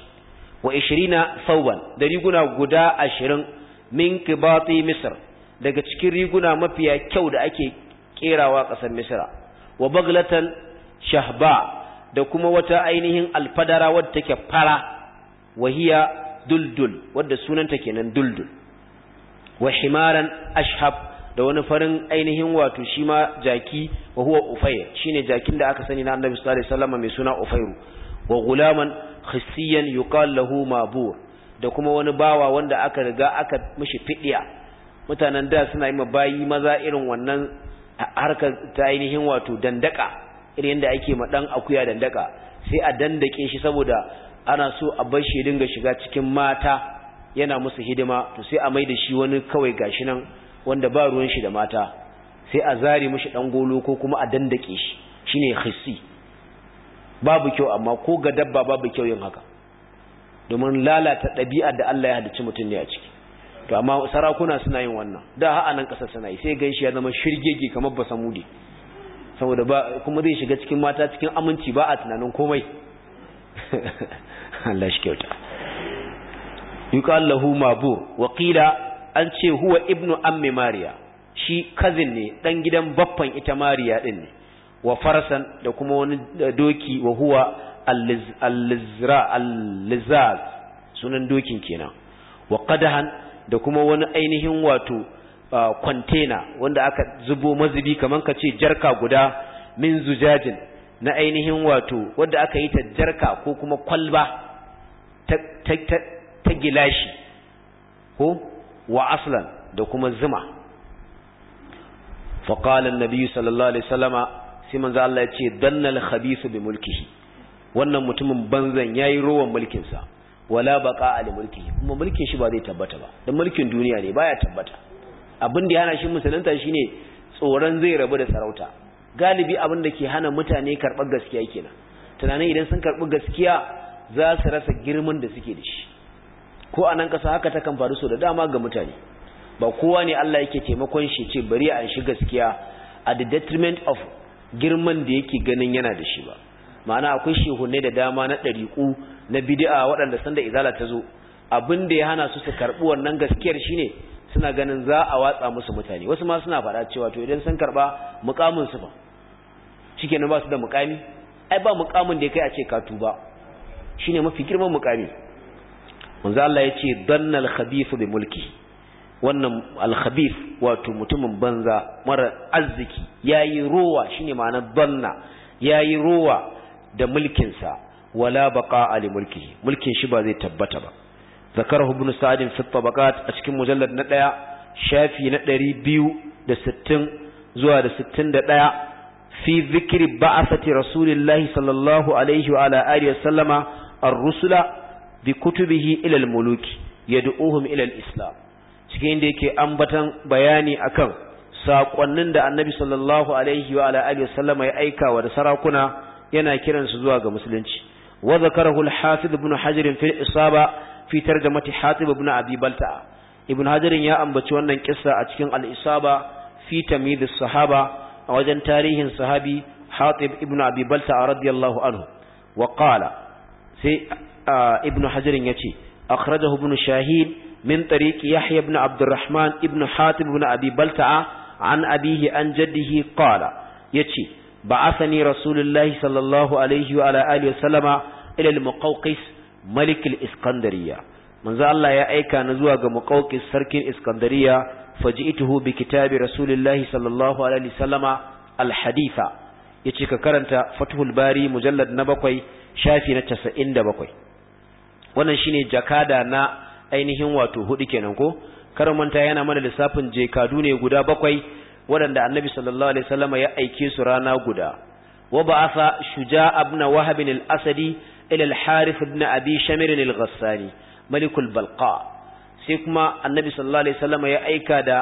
wa ishirina sauban da riguna guda ashirin min kibati misir daga cikin riguna mafiya kyau da ake kerawa kasar misira wa baglatan shahba da kuma wata ainihin alfadara wadda take fara wahiya duldul wadda sunanta kenan duldul wa himaran ashhab da wani farin ainihin wato shi ma jaki wa huwa ufayr shine jakin da aka sani na annabi sallallahu alaihi wasallam mai suna ufayru wa gulaman khissiyan yuqal lahu mabur da kuma wani bawa wanda aka riga aka mishi fidiya mutanen da suna yi bayi maza irin wannan harkar ta ainihin wato dandaka irin yadda ake ma dan akuya dandaka sai a dandake shi saboda ana so a bar shi dinga shiga cikin mata yana musu hidima to sai a maida shi wani kawai gashi nan wanda ba ruwan shi da mata sai a zari mishi dan golo ko kuma a dandake shi shine hissi babu kyau amma ko ga dabba babu kyau yin haka domin lalata ɗabi'a da Allah ya halicci mutum ne a ciki to amma sarakuna suna yin wannan da ha nan kasar suna yi sai shi ya zama shirgege kamar ba saboda ba kuma zai shiga cikin mata cikin aminci ba a tunanin komai <laughs> Allah shi kyauta yuqal lahu mabur wa an ce huwa ibnu ammi mariya shi kazin ne ɗan gidan baffan ita mariya ɗin ne wa farasan da kuma wani doki wa huwa al-lizra sunan dokin kenan wa qadahan da kuma wani ainihin wato kwantena wanda aka zubo mazubi kamar ka ce jarka guda min zujajin na ainihin wato wanda aka yi ta jarka ko kuma kwalba ta gilashi ko wa aslan da kuma zuma Faƙalin nabi sallallahu alaihi salama sai manzo Allah ya ce dannal khabisu bi mulkihi wannan mutumin banzan yayi rowan mulkinsa wala baqa ali mulkihi kuma mulkin shi ba zai tabbata ba dan mulkin duniya ne baya tabbata abin da ya hana shi musulunta shine tsoron zai rabu da sarauta galibi abin da ke hana mutane karɓar gaskiya kenan tunanin idan sun karɓi gaskiya za su rasa girman da suke da shi ko a nan kasa haka takan faru sau da dama ga mutane ba kowa ne Allah yake taimakon shi ce bari a shi gaskiya a the detriment of girman da yake ganin yana da shi ba ma'ana akwai shehunai da dama na ɗariƙu na bidi'a waɗanda sanda izala ta zo abin da ya hana su su karɓi wannan gaskiyar shine suna ganin za a watsa musu mutane wasu ma suna faɗa cewa to idan sun karɓa muƙamin su ba shikenan ba su da muƙami ai ba muƙamin da ya kai a ce ka tuba shine mafi girman muƙami manzo Allah ya ce dannal khabithu bi mulki wannan alhabif wato mutumin banza mara arziki yayi ruwa shine ma'anar danna yayi ruwa da mulkinsa wala baqa ali mulki mulkin shi ba zai tabbata ba zakarahu ibn sa'd fi tabaqat a cikin mujallad na daya shafi na 260 zuwa da 61 fi dhikri ba'athati rasulillahi sallallahu alaihi wa ala alihi wa sallama ar-rusula bi kutubihi ilal muluki yad'uhum ilal islam cikin inda yake ambatan bayani akan sakonnin da annabi sallallahu alaihi wa ala alihi wasallama ya aika wa da sarakuna yana kiran su zuwa ga musulunci wa zakarahu al-hafiz ibn hajar fi isaba fi tarjamati hatib ibn abi balta ibn hajar ya ambaci wannan kissa a cikin al-isaba fi tamyiz as-sahaba a wajen tarihin sahabi hatib ibn abi balta radiyallahu anhu wa qala sai ibn hajarin ya ce akhrajahu ibn shahin min tariq yahya ibn abdurrahman ibn hatim ibn abi balta'a an abihi an jaddihi qala yace ba'athani rasulullahi sallallahu alaihi wa ala alihi wasallama ila al-muqawqis malik al-iskandariya manzo Allah ya aika ni zuwa ga muqawqis sarkin iskandariya faji'tuhu bi kitabi rasulillahi sallallahu alaihi wasallama al-haditha yace ka karanta fathul bari mujallad na bakwai shafi na 97 wannan shine jakada na ainihin wato hudu kenan ko karin manta yana mana lissafin jakadu ne guda bakwai waɗanda annabi sallallahu alaihi wasallama ya aike su rana guda wa ba'atha shuja'a ibn wahab al-asadi ila al-harith ibn abi shamir al-ghassani malikul balqa sai kuma annabi sallallahu alaihi wasallama ya aika da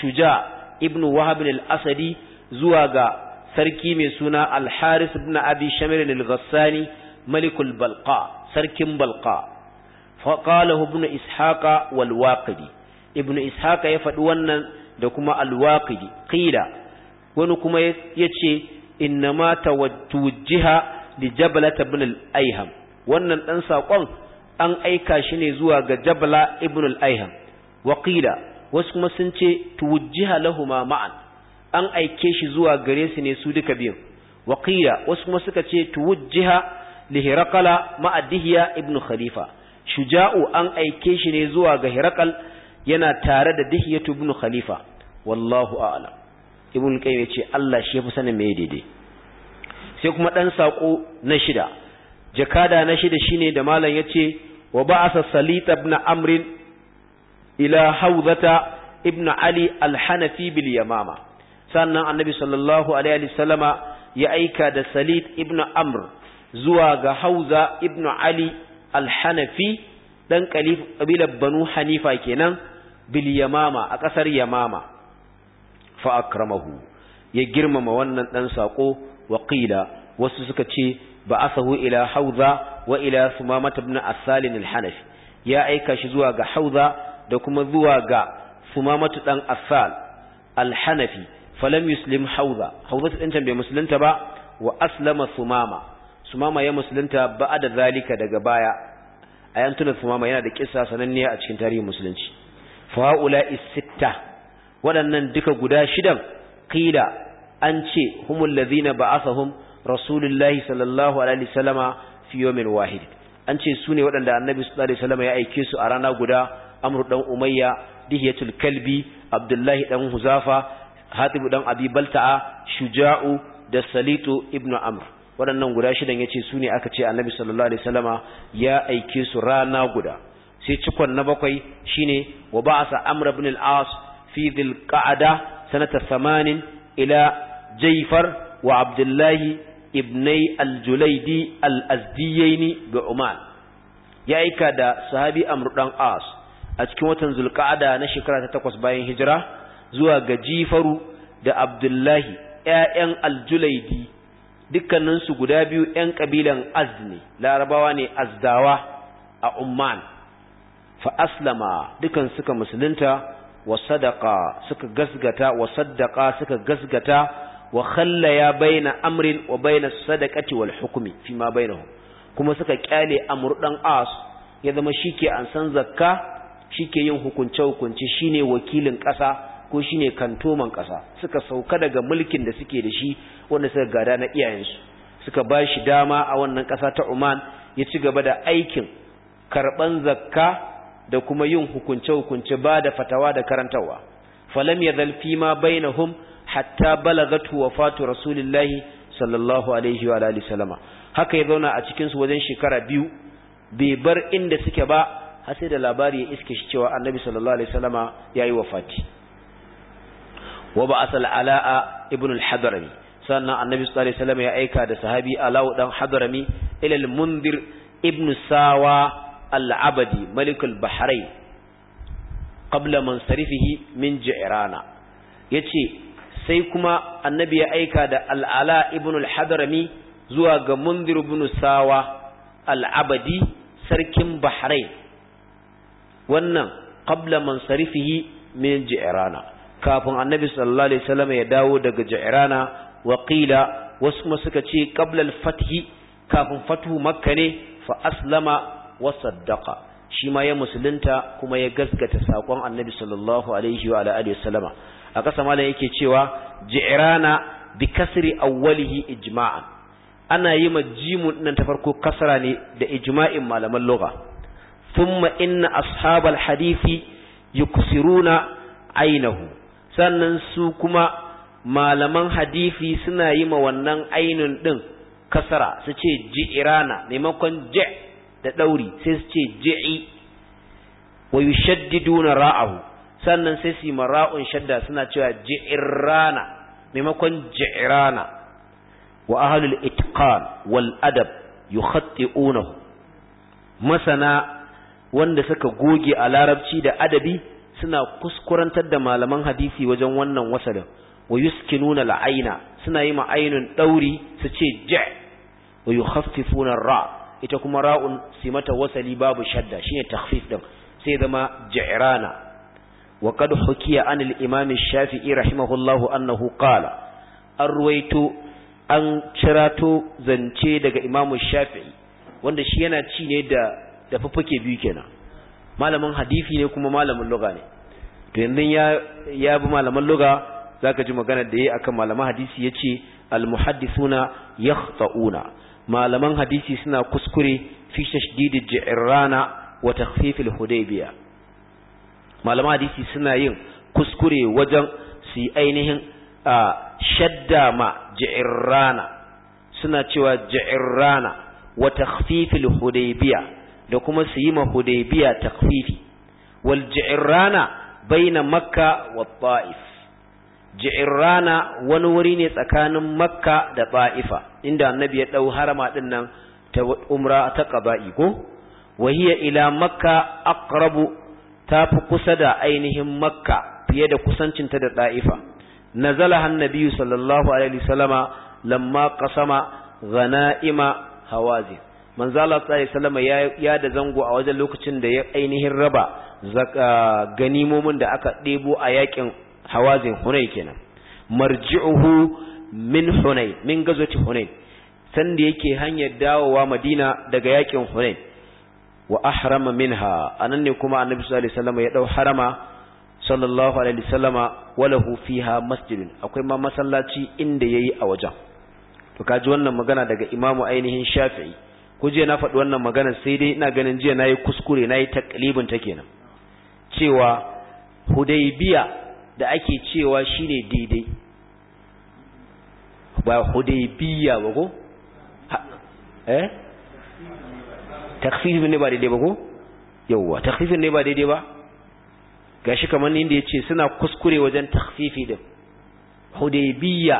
shuja ibn wahab al-asadi zuwa ga sarki mai suna al-harith ibn abi shamir al-ghassani malikul balqa sarkin balqa faƙalahu ibn ishaqa wal waqidi ibn ishaqa ya faɗi wannan da kuma al waqidi qila wani kuma yace inna ma tawajjiha li jabalat ibn al aiham wannan dan saƙon an aika shi ne zuwa ga jabala ibn al aiham wa qila wasu kuma sun ce tuwajjiha lahumma ma'an an aike shi zuwa gare su ne su duka biyun wa qila wasu kuma suka ce tuwajjiha li hirakala ma'adihiya ibn khalifa shuja'u an aike shi ne zuwa ga hirakal yana tare da dihiyatu ibn khalifa wallahu a'lam ibn qayyim yace Allah shi yafi sanin meye daidai sai kuma ɗan saƙo na shida jakada na shida shine da malam yace wa ba'asa salit ibn amr ila hawzata ibn ali al-hanafi sannan annabi sallallahu alaihi wasallama ya aika da salit ibn amr zuwa ga hauza Ibnu ali al-hanafi dan kabilar banu hanifa kenan bil yamama a ƙasar yamama fa akramahu ya girmama wannan ɗan saƙo waƙila, wasu suka ce ba'athahu ila hauza wa ila sumamah ibn as-salim al-hanafi ya aika shi zuwa ga hauza da kuma zuwa ga sumamatu dan asal al-hanafi falam yuslim hauza hauza ta dan bai musulunta ba wa aslama sumama sumama ya musulunta da zalika daga baya ayan tuna yana da kisa sananniya a cikin tarihin musulunci fa isitta waɗannan duka guda shidan Ƙila an ce humul ladhina ba'athahum rasulullahi sallallahu alaihi wasallama fi yawmin wahid an ce su ne waɗanda annabi sallallahu alaihi wasallama ya aike su a rana guda amru dan umayya dihiyatul kalbi abdullahi dan huzafa hatib dan abi balta'a shuja'u da salitu ibnu amr waɗannan guda shidan ce su ne aka ce annabi sallallahu alaihi wasallama ya aike su rana guda sai cikon na bakwai shine wa ba'asa amr ibn al-as fi dhil qa'da sanata samanin ila Jaifar wa abdullahi ibnai al al-azdiyaini bi ya aika da sahabi amr dan as a cikin watan zulqa'ada na shekara ta takwas bayan hijira zuwa ga jifaru da abdullahi ƴaƴan Aljulaidi. dukkaninsu guda biyu 'yan ƙabilan az ne larabawa ne azdawa a umman fa aslama dukan suka musulunta wa sadaka suka gasgata wa sadaka suka gasgata wa khallaya baina amrin wa baina sadaqati wal hukmi fi ma bainahu kuma suka kyale amurdan as ya zama shike an san zakka shike yin hukunce hukunci shine wakilin ƙasa ko shine kantoman ƙasa suka sauka daga mulkin da suke da shi wanda suka gada na iyayensu suka ba shi dama a wannan ƙasa ta Oman ya ci gaba da aikin karɓan zakka da kuma yin hukunce-hukunce ba da fatawa da karantarwa falam ya zalfi ma hum hatta balagatu wafatu rasulillahi sallallahu alaihi wa alihi salama haka ya zauna a cikin su wajen shekara biyu bai bar inda suke ba har sai da labari ya iske shi cewa annabi sallallahu alaihi wa yi yayi wafati wa ba asal ala'a ibn al sannan annabi sallallahu alaihi ya aika da sahabi alawu ɗan hadrami ila al-mundir ibn sawa al-abadi malik al-bahrain qabla mansarifihi min ji'rana yace sai kuma annabi ya aika da al-ala ibn al zuwa ga mundir ibn sawa al sarkin bahrain wannan qabla mansarifihi min ji'rana kafin annabi sallallahu alaihi wasallam ya dawo daga jairana wa qila wasu kuma suka ce qabla al-fathi kafin fatu makka ne fa aslama wa saddaqa shi ma ya musulunta kuma ya gaskata saƙon annabi sallallahu alaihi wa alihi wasallama a kasa malam yake cewa jairana bi kasri awwalihi ijma'an ana yi ma jimun nan ta farko kasra ne da ijma'in malaman lugha thumma inna ashabal hadithi yuksiruna ainahu sannan su kuma malaman hadifi suna yi ma wannan ainun ɗin kasara su ce ji'irana maimakon ji da ɗauri sai su ce ji'i wa yushaddiduna ra'ahu sannan sai su yi mara'un shadda suna cewa ji'irana maimakon ji'irana wa ahlul itqan wal adab yukhatti'unahu masana wanda suka goge a larabci da adabi suna kuskurantar da malaman hadisi wajen wannan wasalin wa yuskinuna la'aina suna yi ma'ainun dauri su ce ja wa yukhaffifuna ra ita kuma ra'un su mata wasali babu shadda shine takhfif din sai zama ja'rana wa qad hukiya an al-imam shafii rahimahullahu annahu qala arwayto an cirato zance daga imam shafi'i wanda shi yana ci ne da da biyu kenan malamin hadisi ne kuma malamin lugha ne to yanzu ya ya bi malaman lugha zaka ji magana da yayi akan malaman hadisi yace al muhaddisuna yakhtauna malaman hadisi suna kuskure fi tashdidil ji'rana wa takhfifil hudaybiya malaman hadisi suna yin kuskure wajen su ainihin shadda ma ji'rana suna cewa ji'rana wa takhfifil hudaybiya da kuma su yi ma hudaybiya takfifi waljirana baina makka wa ta'if ji'rana wani wuri ne tsakanin makka da ta'ifa inda annabi ya dau harama din nan ta umra ta qaba'i ko ila makka akrabu ta fi kusa da ainihin makka fiye da kusancinta da ɗa'ifa nazala annabi sallallahu alaihi wasallama lamma qasama ghana'ima hawazin manzo Allah sallallahu alaihi wasallam ya da zango a wajen lokacin da ya ainihin raba ganimomin da aka debo a yakin hawazin hunay kenan marji'uhu min hunay min gazwati hunay san da yake hanyar dawowa Madina daga yakin hunay wa ahrama minha anan ne kuma annabi sallallahu alaihi wasallam ya dau harama sallallahu alaihi wasallama walahu fiha masjidin akwai ma masallaci inda yayi a wajen to kaji wannan magana daga imamu ainihin shafi'i Ku jiya na faɗi wannan magana sai dai ina ganin jiya na yi kuskure nayi taklibin ta kenan cewa hudaybiya da ake cewa shine daidai ba hudaybiya ba ko eh takfifin ne ba daidai ba ko yauwa takfifin ne ba daidai ba gashi kamar inda yace suna kuskure wajen takfifi din hudaybiya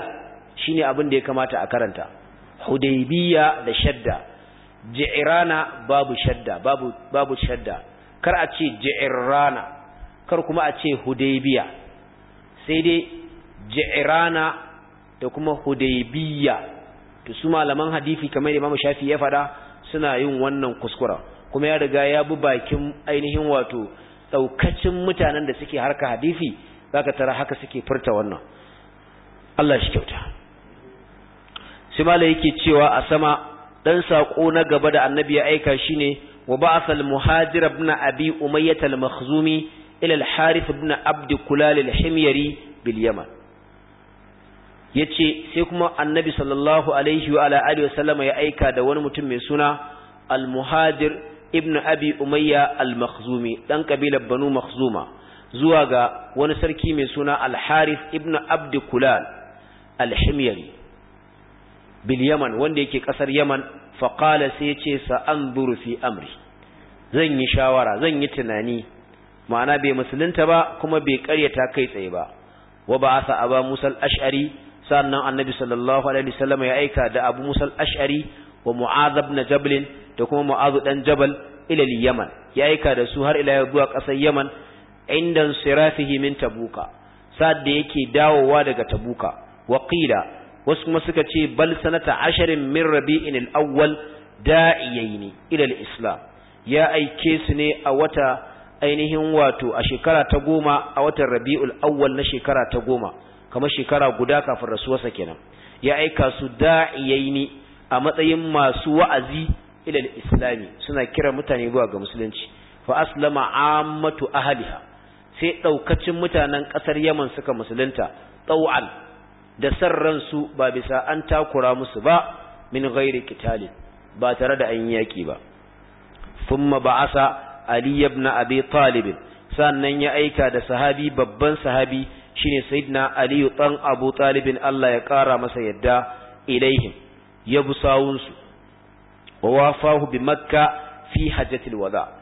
shine abin da ya kamata a karanta hudaybiya da shadda ji'irana babu shadda babu babu shadda kar a ce ji'irana kar kuma a ce hudaybiya sai dai ji'irana da kuma hudaybiya to su malaman hadisi kamar Imam Shafi ya fada suna yin wannan kuskura kuma ya riga ya bi bakin ainihin wato daukacin mutanen da suke harka hadisi zaka tara haka suke furta wannan Allah shi kyauta sai malai yake cewa a sama dan saƙo na gaba da annabi ya aika shine wa ba'atha al-muhajir ibn abi umayyah al-makhzumi ila al-harith ibn abd kulal al-himyari bil yaman yace sai kuma annabi sallallahu alaihi wa ala alihi ya aika da wani mutum mai suna al-muhajir ibn abi umayya al-makhzumi dan kabilar banu makhzuma zuwa ga wani sarki mai suna al-harith ibn abd kulal al-himyari bil yaman wanda yake kasar yaman faqala sai yace sa anzuru fi amri zan yi shawara zan yi tunani ma'ana bai musulunta ba kuma bai karyata kai tsaye ba wa ba'atha aba musal ash'ari sannan annabi sallallahu alaihi wasallam ya aika da abu musal ash'ari wa mu'adh na jablin da kuma Mu'azu dan jabal ilal yaman ya aika da su har ila zuwa ƙasar yaman inda sirafihi min tabuka sa'ad da yake dawowa daga tabuka waqila wasu kuma suka ce bal sanata asharin min rabi'in al-awwal da'iyaini ila islam ya aike su ne a wata ainihin wato a shekara ta goma a watan rabi'ul awwal na shekara ta goma kamar shekara guda kafin rasuwarsa kenan ya aika su da'iyaini a matsayin masu wa'azi ila islami suna kira mutane zuwa ga musulunci fa aslama ammatu ahliha sai ɗaukacin mutanen ƙasar Yaman suka musulunta ɗau'an. da sarransu ba bisa an takura musu ba min ghairi tali. ba tare da an yaki ba thumma ba'asa ali ibn abi talib sannan ya aika da sahabi babban sahabi shine sayyidina ali dan abu talib Allah ya kara masa yadda ilaihim ya su wa wafahu bi makka fi hajjatil wada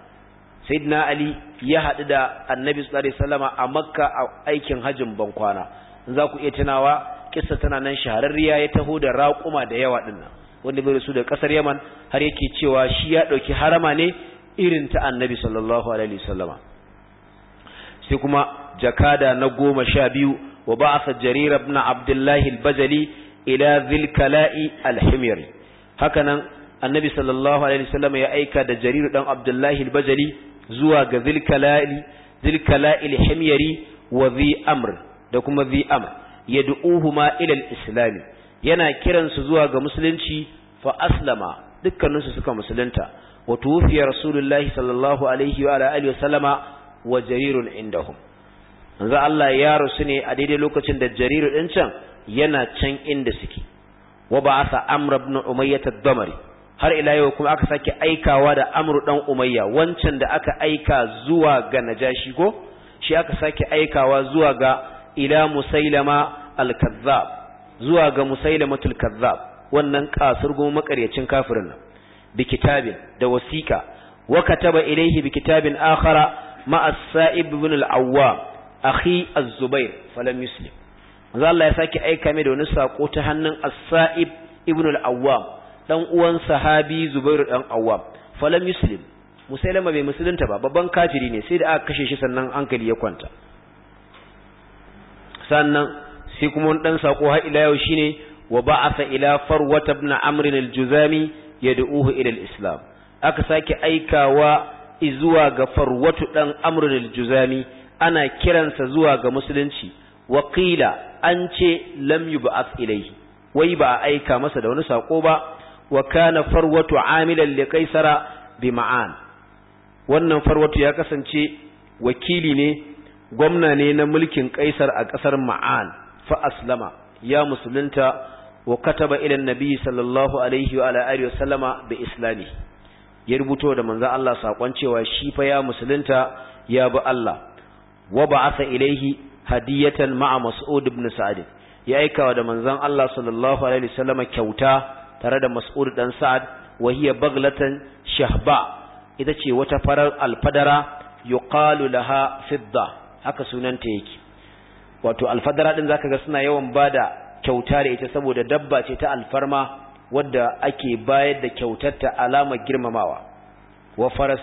sayyidina ali ya hadu da annabi sallallahu alaihi wasallama a makka a aikin hajjin bankwana za ku iya tunawa kissa tana nan shahararriya ya taho da raƙuma da yawa dinnan wanda bai su da kasar Yaman har yake cewa shi ya dauki harama ne irin ta Annabi sallallahu alaihi wasallama sai kuma jakada na goma sha biyu wa ba'atha Jarir ibn Abdullah al-Bajali ila Zilkala'i al hakanan Annabi sallallahu alaihi wasallama ya aika da Jarir dan Abdullah al-Bajali zuwa ga Zilkala'i Zilkala'i himyari wa Zi Amr da kuma Zi Amr yad'uhuma ila al-islam yana kiran zuwa ga musulunci fa aslama dukkanin su suka musulunta wa tufiya rasulullahi sallallahu alaihi wa ala alihi wasallama wa jarirun indahum yanzu Allah ya rusu ne a daidai lokacin da jariru din can yana can inda suke wa ba'atha amr ibn umayyah ad-damari har ila yau kuma aka sake aikawa da amru dan umayya wancan da aka aika zuwa ga najashi ko shi aka sake aikawa zuwa ga ila musailama al zuwa ga musailamatul kazzab wannan kasur goma makaryacin kafirin nan bi kitabin da wasika wa kataba ilayhi bi kitabin akhara ma as-sa'ib ibn al-awwam akhi az-zubair falam yuslim manzo Allah ya saki aika mai da wani sako ta hannun as-sa'ib ibn al-awwam dan uwan sahabi zubair dan awwam falam yuslim musailama bai musulunta ba babban kafiri ne sai da aka kashe shi sannan hankali ya kwanta sannan sai kuma wani dan sako har ila yau shine wa ba'atha ila farwat ibn amr al-juzami yad'uhu ila al-islam aka sake aikawa zuwa ga farwatu dan amr al-juzami ana kiransa zuwa ga musulunci Wakila an ce lam yub'ath ilayhi wai ba a aika masa da wani sako ba wa kana farwatu amilan li kaisara bi ma'an wannan farwatu ya kasance wakili ne gwamna ne na mulkin kaisar a ƙasar ma'an fa aslama ya musulunta wa kataba ila nabi sallallahu alaihi wa alihi wa sallama bi islami ya rubuto da manzon Allah sakon cewa shi fa ya musulunta ya bi Allah wa ba'atha ilaihi hadiyatan ma'a mas'ud ibn sa'd ya wa da manzon Allah sallallahu alaihi wa sallama kyauta tare da mas'ud dan sa'ad wa hiya baglatan shahba ita ce wata farar alfadara yuqalu laha fidda haka sunanta yake wato alfadara din zaka ga suna yawan bada kyauta da ita saboda dabba ce ta alfarma wadda ake bayar da kyautar ta alamar girmamawa wa faras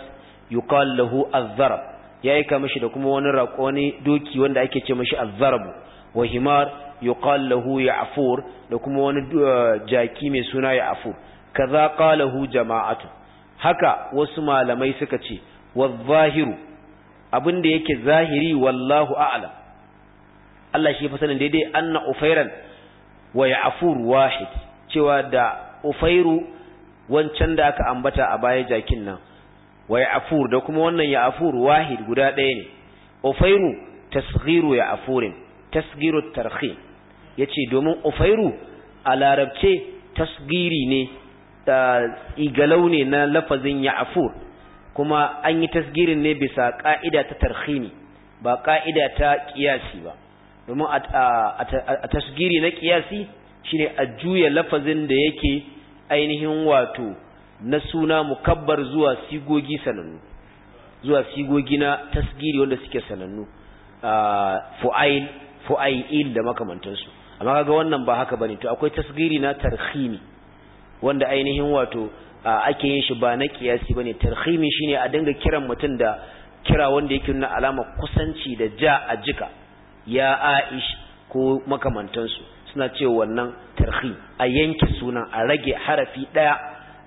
yuqal lahu azzarab yayi ka mishi da kuma wani raƙoni doki wanda ake ce mishi azzarab wa himar yuqal lahu ya'fur da kuma wani eh, jaki mai suna ya'fur kaza qalahu jama'atu haka wasu malamai suka ce wa zahiru abin da yake zahiri wallahu a'lam Allah shi fa sanin daidai anna ufairan wa ya'fur wahid cewa da ufairu wancan da aka ambata a baya jakin nan wa ya'fur da kuma wannan ya'fur wahid guda ɗaya ne ufairu tasghiru ya'furin tasghiru tarhi yace domin ufairu a larabce tasgiri ne da uh, igalau ne na lafazin ya'fur kuma an yi tasgirin ne bisa ƙa'ida ta tarhini ba ƙa'ida ta ƙiyasi ba domin a tasgiri na ƙiyasi shine a juya lafazin da yake ainihin wato na suna mukabbar zuwa sigogi sanannu zuwa sigogi na tasgiri wanda suke sanannu fu'ail da makamantansu amma kaga wannan ba haka ba ne. to akwai tasgiri na tarhini wanda ainihin wato ake yin shi ba na kiyasi ba ne tarhimi shi ne a dinga kiran mutum da kira wanda yake nuna alama kusanci da ja a jika ya aish ko makamantansu suna ce wannan tarhi a yanke sunan a rage harafi ɗaya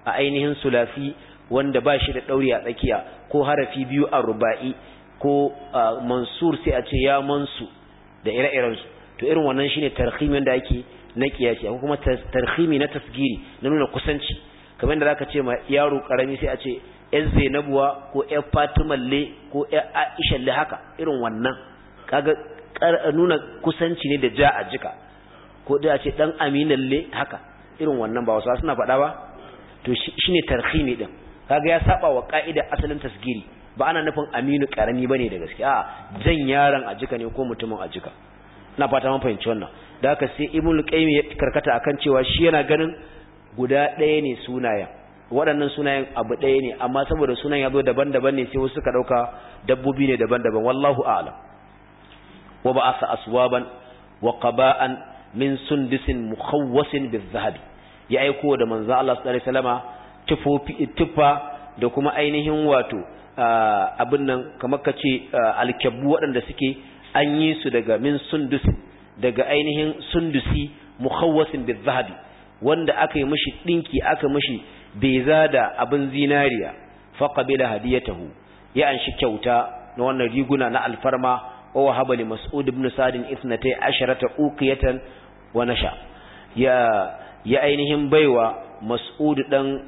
a ainihin sulafi wanda ba shi da ɗauri a tsakiya ko harafi biyu a ruba'i ko mansur sai a ce ya mansu da ire-irensu to irin wannan shine tarhimi wanda ake na kiyasi ko kuma tarhimi na tasgiri na nuna kusanci kamar da zaka ce ma yaro karami sai a ce yar zainabuwa ko fatima fatimalle ko aisha aishalle haka irin wannan kaga nuna kusanci ne da ja a jika ko da a ce dan aminalle haka irin wannan ba wasu suna faɗa ba to shine ne din kaga ya saba wa ka'ida asalin tasgiri ba ana nufin aminu karami bane da gaske a jan yaron a jika ne ko mutumin a jika ina fata man fahimci wannan da haka sai ibnu qayyim ya karkata akan cewa shi yana ganin guda ɗaya ne sunayen waɗannan sunayen abu ɗaya ne amma saboda sunan ya zo daban-daban ne sai wasu suka ɗauka dabbobi ne daban-daban wallahu a'lam wa ba asa aswaban wa qaba'an min sundusin mukhawwasin bizahabi ya aiko da manzo Allah sallallahu alaihi wasallama tufofi tufa da kuma ainihin wato ah, abin nan kamar ka ce ah, alkabbu waɗanda suke an yi su daga min sundusin daga ainihin sundusi mukhawwasin bizahabi wanda aka yi mishi ɗinki aka mishi beza da abin zinariya faqabila hadiyatahu ya anshi kyauta na wannan riguna na alfarma wa wahaba li mas'ud ibn sadin ithnatay asharata uqiyatan wa nasha ya ya ainihin baiwa mas'ud dan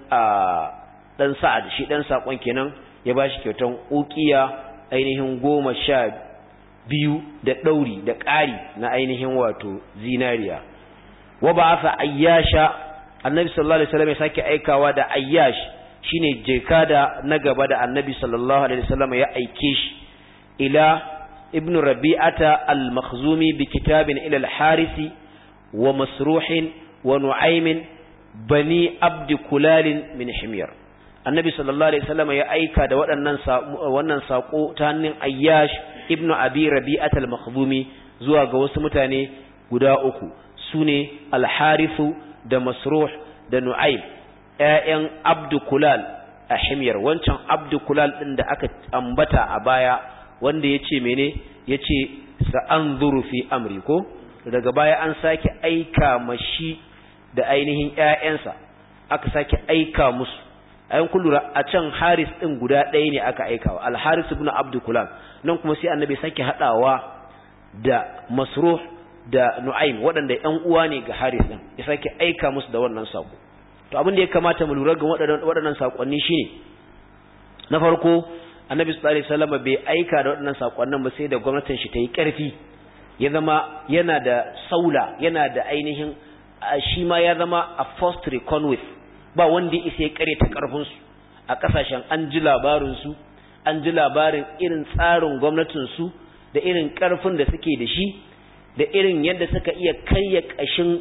dan sa'ad shi dan sakon kenan ya bashi kyautan uqiya ainihin goma sha biyu da ɗauri da ƙari na ainihin wato zinariya wa ayyasha annabi sallallahu alaihi wasallam ya sake aikawa da ayyash shine da na gaba da annabi sallallahu alaihi wasallam ya aike shi ila ibn rabi'ata al-makhzumi bi kitabin ila al-harisi wa masruhin wa nu'aymin bani abd kulalin min himyar annabi sallallahu alaihi wasallam ya aika da waɗannan wannan sako ta hannun ayyash ibn abi rabi'ata al-makhzumi zuwa ga wasu mutane guda uku sune alharifu da masruh da nu'aym yayan abdu kulal a himyar wancan abdu kulal din da aka ambata a baya wanda yace mene yace sa'anzuru fi amri ko daga baya an sake aika mashi da ainihin yayansa aka sake aika musu ayin kullura a can haris ɗin guda ɗaya ne aka aikawa alharis ibn abdu kulal nan kuma sai annabi sake haɗawa da masruh da nu'aim waɗanda ƴan uwa ne ga Haris din ya sake aika musu da wannan sako to abin da ya kamata mu lura ga waɗannan waɗannan sakonni shine na farko Annabi sallallahu alaihi wasallam bai aika da waɗannan sakonnin ba sai da gwamnatin shi ta yi ƙarfi ya zama yana da saula yana da ainihin shi ma ya zama a first recon with ba wanda isa ya ƙare ta ƙarfin su a ƙasashen an ji labarin su an ji labarin irin tsarin gwamnatin su da irin ƙarfin da suke da shi da irin yadda suka iya karya ƙashin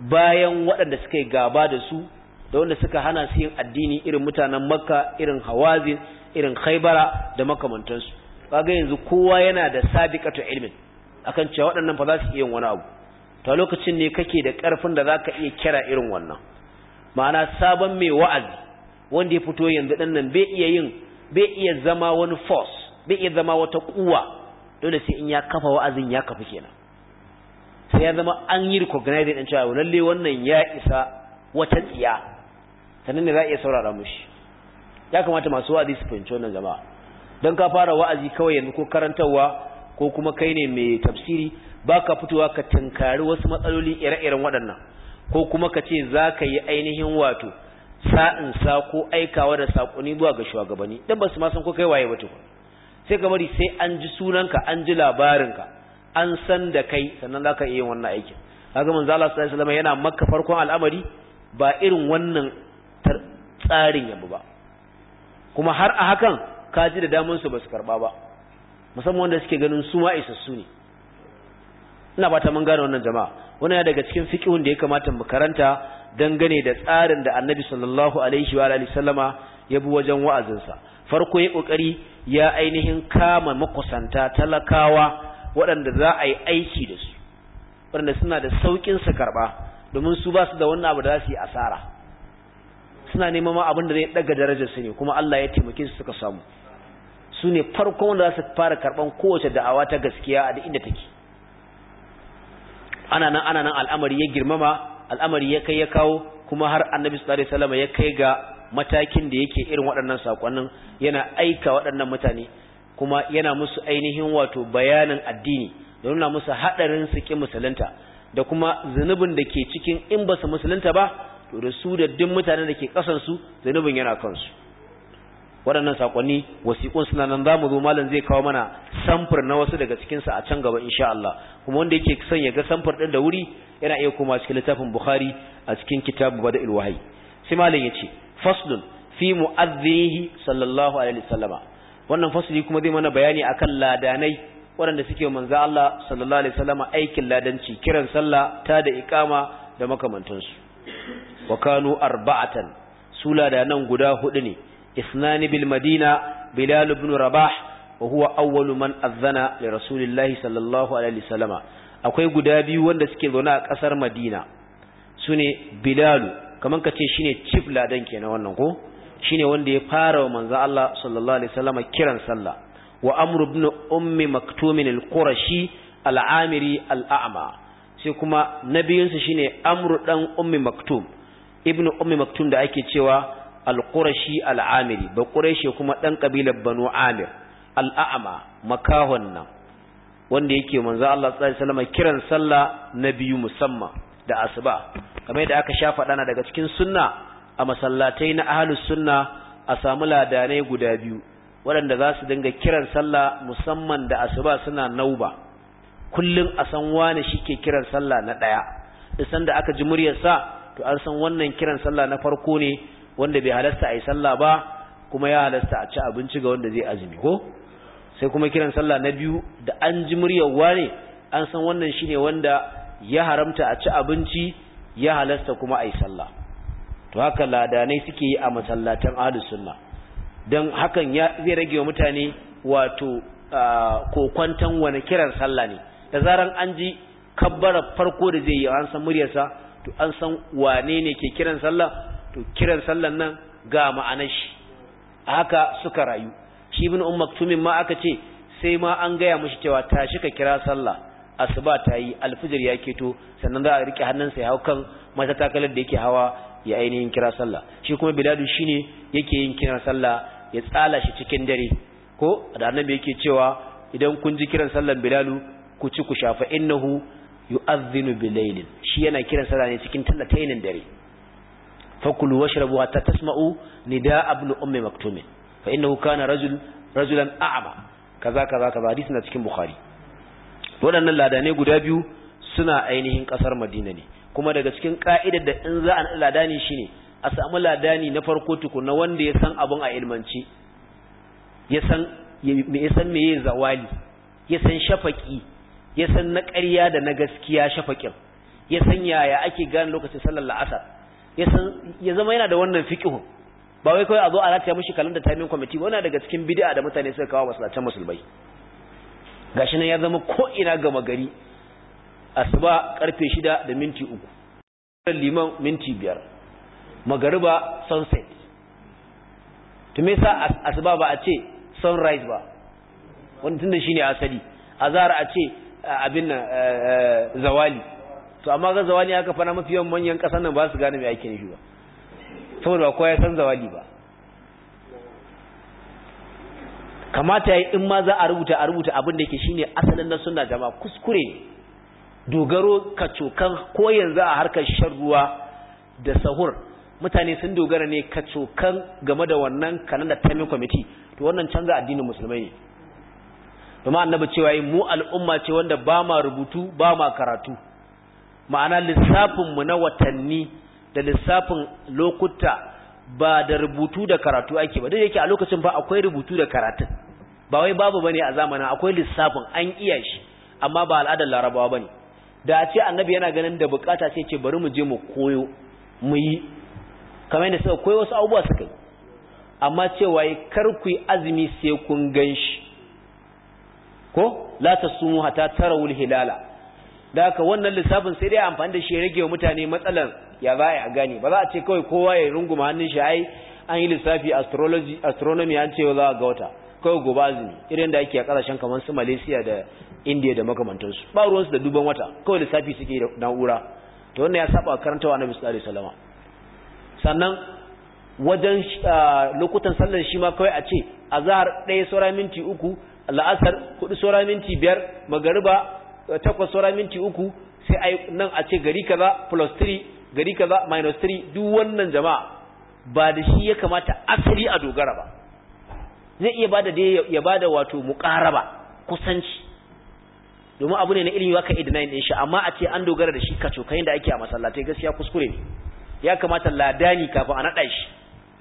bayan waɗanda suka yi gaba da su da wanda suka hana su yin addini irin mutanen makka irin hawazin irin khaibara da makamantansu kaga yanzu kowa yana da sabiqatu ilmin akan cewa waɗannan fa za su iya wani abu To lokacin ne kake da ƙarfin da zaka iya kira irin wannan ma'ana sabon mai wa'azi wanda ya fito yanzu ɗan nan bai iya yin bai iya zama wani force bai iya zama wata kuwa dole sai in ya kafa wa'azin ya kafa kenan sai ya zama an yi recognize din cewa lalle wannan ya isa wata tsiya sannan ne za a iya saurara mushi ya kamata masu wa'azi su fahimci wannan jama'a don ka fara wa'azi kawai yanzu ko karantarwa ko kuma kai ne mai tafsiri baka fitowa ka tunkari wasu matsaloli ire-iren waɗannan ko kuma ka ce za ka yi ainihin wato sa'in sa ko aikawa da saƙoni zuwa ga shugabanni dan ba su ma san ko kai waye ba tukun sai ka bari sai an ji sunanka an ji labarinka an san da kai sannan za ka iya wannan aikin kaga manzo Allah sallallahu alaihi yana makka farkon al'amari ba irin wannan tsarin yabu ba kuma har a hakan ka ji da damun su basu karba ba musamman wanda suke ganin su ma isassu ne ina fata mun gane wannan jama'a wannan ya daga cikin fiqhun da ya kamata mu karanta dangane da tsarin da Annabi sallallahu alaihi wa alihi sallama ya bi wajen wa'azinsa farko ya kokari ya ainihin kama makusanta talakawa waɗanda za a yi aiki da su waɗanda suna da saukin su karɓa domin su ba su da wannan abu da za su yi asara suna neman ma abin da zai ɗaga darajar su ne kuma Allah ya taimake su suka samu su ne farko wanda za su fara karɓan kowace da'awa ta gaskiya a da inda take ana nan ana nan al'amari ya girmama al'amari ya kai ya kawo kuma har annabi sallallahu alaihi wasallam ya kai ga matakin da yake irin waɗannan sakonnin yana aika waɗannan mutane kuma yana musu ainihin wato bayanin addini da nuna musu haɗarin su ƙi musulunta da kuma zunubin da ke cikin in ba su musulunta ba to da su da duk mutanen da ke kasan su zunubin yana kansu waɗannan saƙonni wasiƙun suna nan za mu zo malam zai kawo mana samfur na wasu daga cikinsa a can gaba insha Allah kuma wanda yake son ya ga samfur ɗin da wuri yana iya koma cikin littafin Bukhari a cikin kitabu Bada'il Wahyi sai malam ya ce faslun fi mu'adhdhihi sallallahu alaihi wasallama wannan fasali kuma zai mana bayani akan ladanai waɗanda suke manzo Allah sallallahu alaihi wasallam aikin ladanci kiran sallah ta da iqama da makamantansu wa kanu arba'atan su ladanan guda hudu ne isnani bil madina bilal ibn rabah wa huwa awwalu man azzana li rasulillahi sallallahu alaihi wasallam akwai guda biyu wanda suke zaune a kasar madina sune bilal kaman kace shine chief ladan kenan wannan ko shine wanda ya fara wa manzo Allah sallallahu alaihi wasallam kiran sallah wa amru ibn ummi maktumin al-qurashi al-amiri al-a'ma sai kuma nabiyinsa shine amru dan ummi maktum ibn ummi maktum da ake cewa al-qurashi al-amiri ba qurashi kuma dan kabilar banu amir al-a'ma makahon nan wanda yake manzo Allah sallallahu alaihi wasallam kiran sallah na biyu musamman da asuba kamar yadda aka sha faɗa daga cikin sunna a masallatai na ahlus sunna a samu ladanai guda biyu waɗanda za su dinga kiran sallah musamman da asuba suna nauba kullum a san wane ke kiran sallah na ɗaya isan sanda aka ji muryarsa to an san wannan kiran sallah na farko ne wanda bai halasta a yi sallah ba kuma ya halasta a ci abinci ga wanda zai azumi ko sai kuma kiran sallah na biyu da an ji muryar wane an san wannan shine wanda ya haramta a ci abinci ya halasta kuma a yi sallah to haka ladanai suke yi a masallatan ahlus sunna dan hakan ya zai rage wa mutane wato kokwantan wani kiran sallah ne da zaran an ji kabbara farko da zai yi an san muryarsa to an san wane ne ke kiran sallah to kiran sallan nan ga ma'anar shi haka suka rayu shi ibn umm maktumin ma aka ce sai ma an gaya mishi cewa tashi ka kira sallah asuba ta yi alfijir ya keto sannan za a rike hannunsa ya hau kan takalar da yake hawa ya ainihin kira sallah shi kuma biladu ne yake yin kiran sallah ya tsala shi cikin dare ko da annabi yake cewa idan kun ji kiran sallan bilalu ku ci ku shafa innahu yu'adhdhinu bilaylin shi yana kiran sallah ne cikin tallatainin dare fakulu washrabu hatta tasma'u nida'a ibn ummi maktum fa innahu kana rajul rajulan a'ma kaza kaza kaza hadisi na cikin bukhari waɗannan ladane guda biyu suna ainihin ƙasar madina ne kuma daga cikin ka'idar da in za a naɗa ladani ne a samu ladani na farko na wanda ya san abin a ilmanci ya san me ya zawali ya san shafaki ya san na ƙarya da na gaskiya shafakin ya san yaya ake gane lokacin sallar la'asar ya zama yana da wannan fiƙihun. ba wai kawai a zo a rataya mishi kalanda timing kwamiti wani daga cikin bidi'a da mutane suka kawo masallacin musulmai gashi nan ya zama ko ina gama gari asuba karfe shida da minti uku liman minti biyar magariba sunset to me yasa asuba ba a ce sunrise ba wannan tunda shine asali azhar a ce abin nan zawali to amma ga zawali aka fara mafi yawan manyan kasan nan ba su gane me ake nufi ba saboda ba kowa ya san zawali ba kamata yayi in ma za a rubuta a rubuta abin da yake shine asalin na sunna jama'a kuskure dogaro kacokan ko yanzu a harkar shan ruwa da sahur mutane sun dogara ne kacokan game da wannan kanan da tamil kwamiti to wannan canza addinin musulmai ne domin annabi cewa yi mu al'umma ce wanda ba ma rubutu ba ma karatu ma'ana lissafinmu na watanni da lissafin lokuta ba da rubutu da karatu ake ba duk yake a lokacin ba akwai rubutu da karatu ba wai babu bane a zamanin akwai lissafin an iya shi amma ba al'adar larabawa bane da a ce annabi yana ganin da bukata sai ce bari mu je mu koyo mu yi kamar yadda suka koyo wasu abubuwa suka yi amma cewa yi kar ku azumi sai kun gan shi ko la ta sumu hata tara wul hilala da haka wannan lissafin sai dai amfani da shi ya rage wa mutane matsalar ya za a gane ba za a ce kawai kowa ya runguma hannun shi ai an yi lissafi astrology astronomy an ce za a ga wata kawai gobe azumi irin da ake a kasashen kamar su malaysia da indiya da makamantansu ba ruwansu da duban wata kawai lissafi suke da na'ura to wannan ya saba karantawa na bisu salama sannan wajen ah, lokutan sallar shi ma kawai a ce a zahar ɗaya saura minti uku la'asar kuɗi saura minti biyar magariba takwas saura minti uku sai nan a ce gari kaza plus 3 gari kaza minus 3 duk wannan jama'a ba da shi ya kamata asali a dogara ba zai iya ba da ya da wato ba kusanci domin abu ne na ilimi waka idina din shi amma a ce an dogara da shi kacokayin da ake a masallatai gaskiya kuskure ne ya kamata ladani kafin a naɗa shi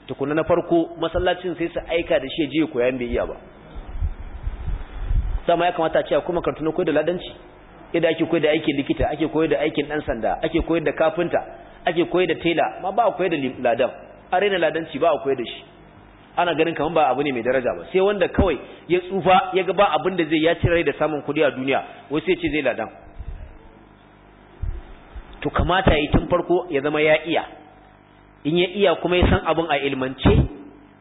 tukuna na farko masallacin sai su aika da shi je koyan bai iya ba sama ya kamata a ce kuma na koyar da ladanci yadda ake koyar da aikin likita ake koyar da aikin dan sanda ake koyar da kafinta ake koyar da tela ma ba a koyar da ladan a raina ladanci ba a koyar da shi ana ganin kamar ba abu ne mai daraja ba sai wanda kawai ya tsufa ya ga ba abin da zai ya ci rai da samun kuɗi a duniya wai sai ce zai ladan to kamata ya yi tun farko ya zama ya iya in ya iya kuma ya san abin a ilmance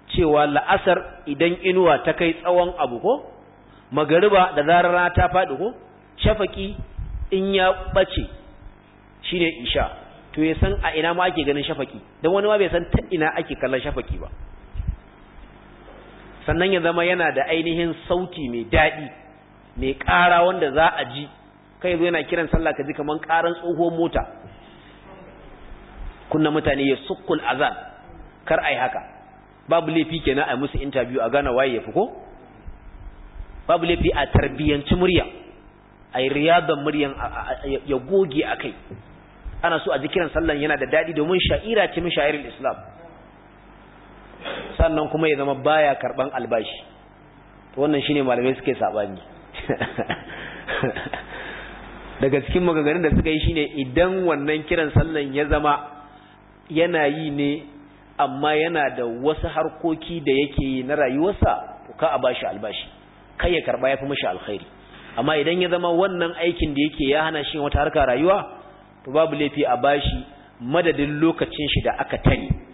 cewa la'asar idan inuwa ta kai tsawon abu ko magariba da zarar rana ta faɗi ko shafaki in ya bace shine isha to ya san a ina ma ake ganin shafaki don wani ma bai san ta ina ake kallon shafaki ba sannan ya zama yana da ainihin sauti mai daɗi mai ƙara wanda za a ji kai zo yana kiran sallah ka ji kamar ƙaran tsohon mota kunna mutane ya sukkul azan kar ai haka babu laifi kenan ai musu interview a gana waye yafi ko babu laifi a tarbiyanci murya ai riyadan muryan ya goge akai ana so a ji kiran sallan yana da daɗi domin sha'ira ce min sha'irin islam sannan kuma ya zama baya karban albashi to wannan shine malamai suke sabani daga cikin maganganun da suka yi shine idan wannan kiran sallan ya zama yana yi ne amma yana da wasu harkoki da yake yi na rayuwarsa to ka a bashi albashi kai ya karba yafi mashi alkhairi amma idan ya zama wannan aikin da yake ya hana shi wata harka rayuwa to babu laifi a bashi madadin lokacin shi da aka tani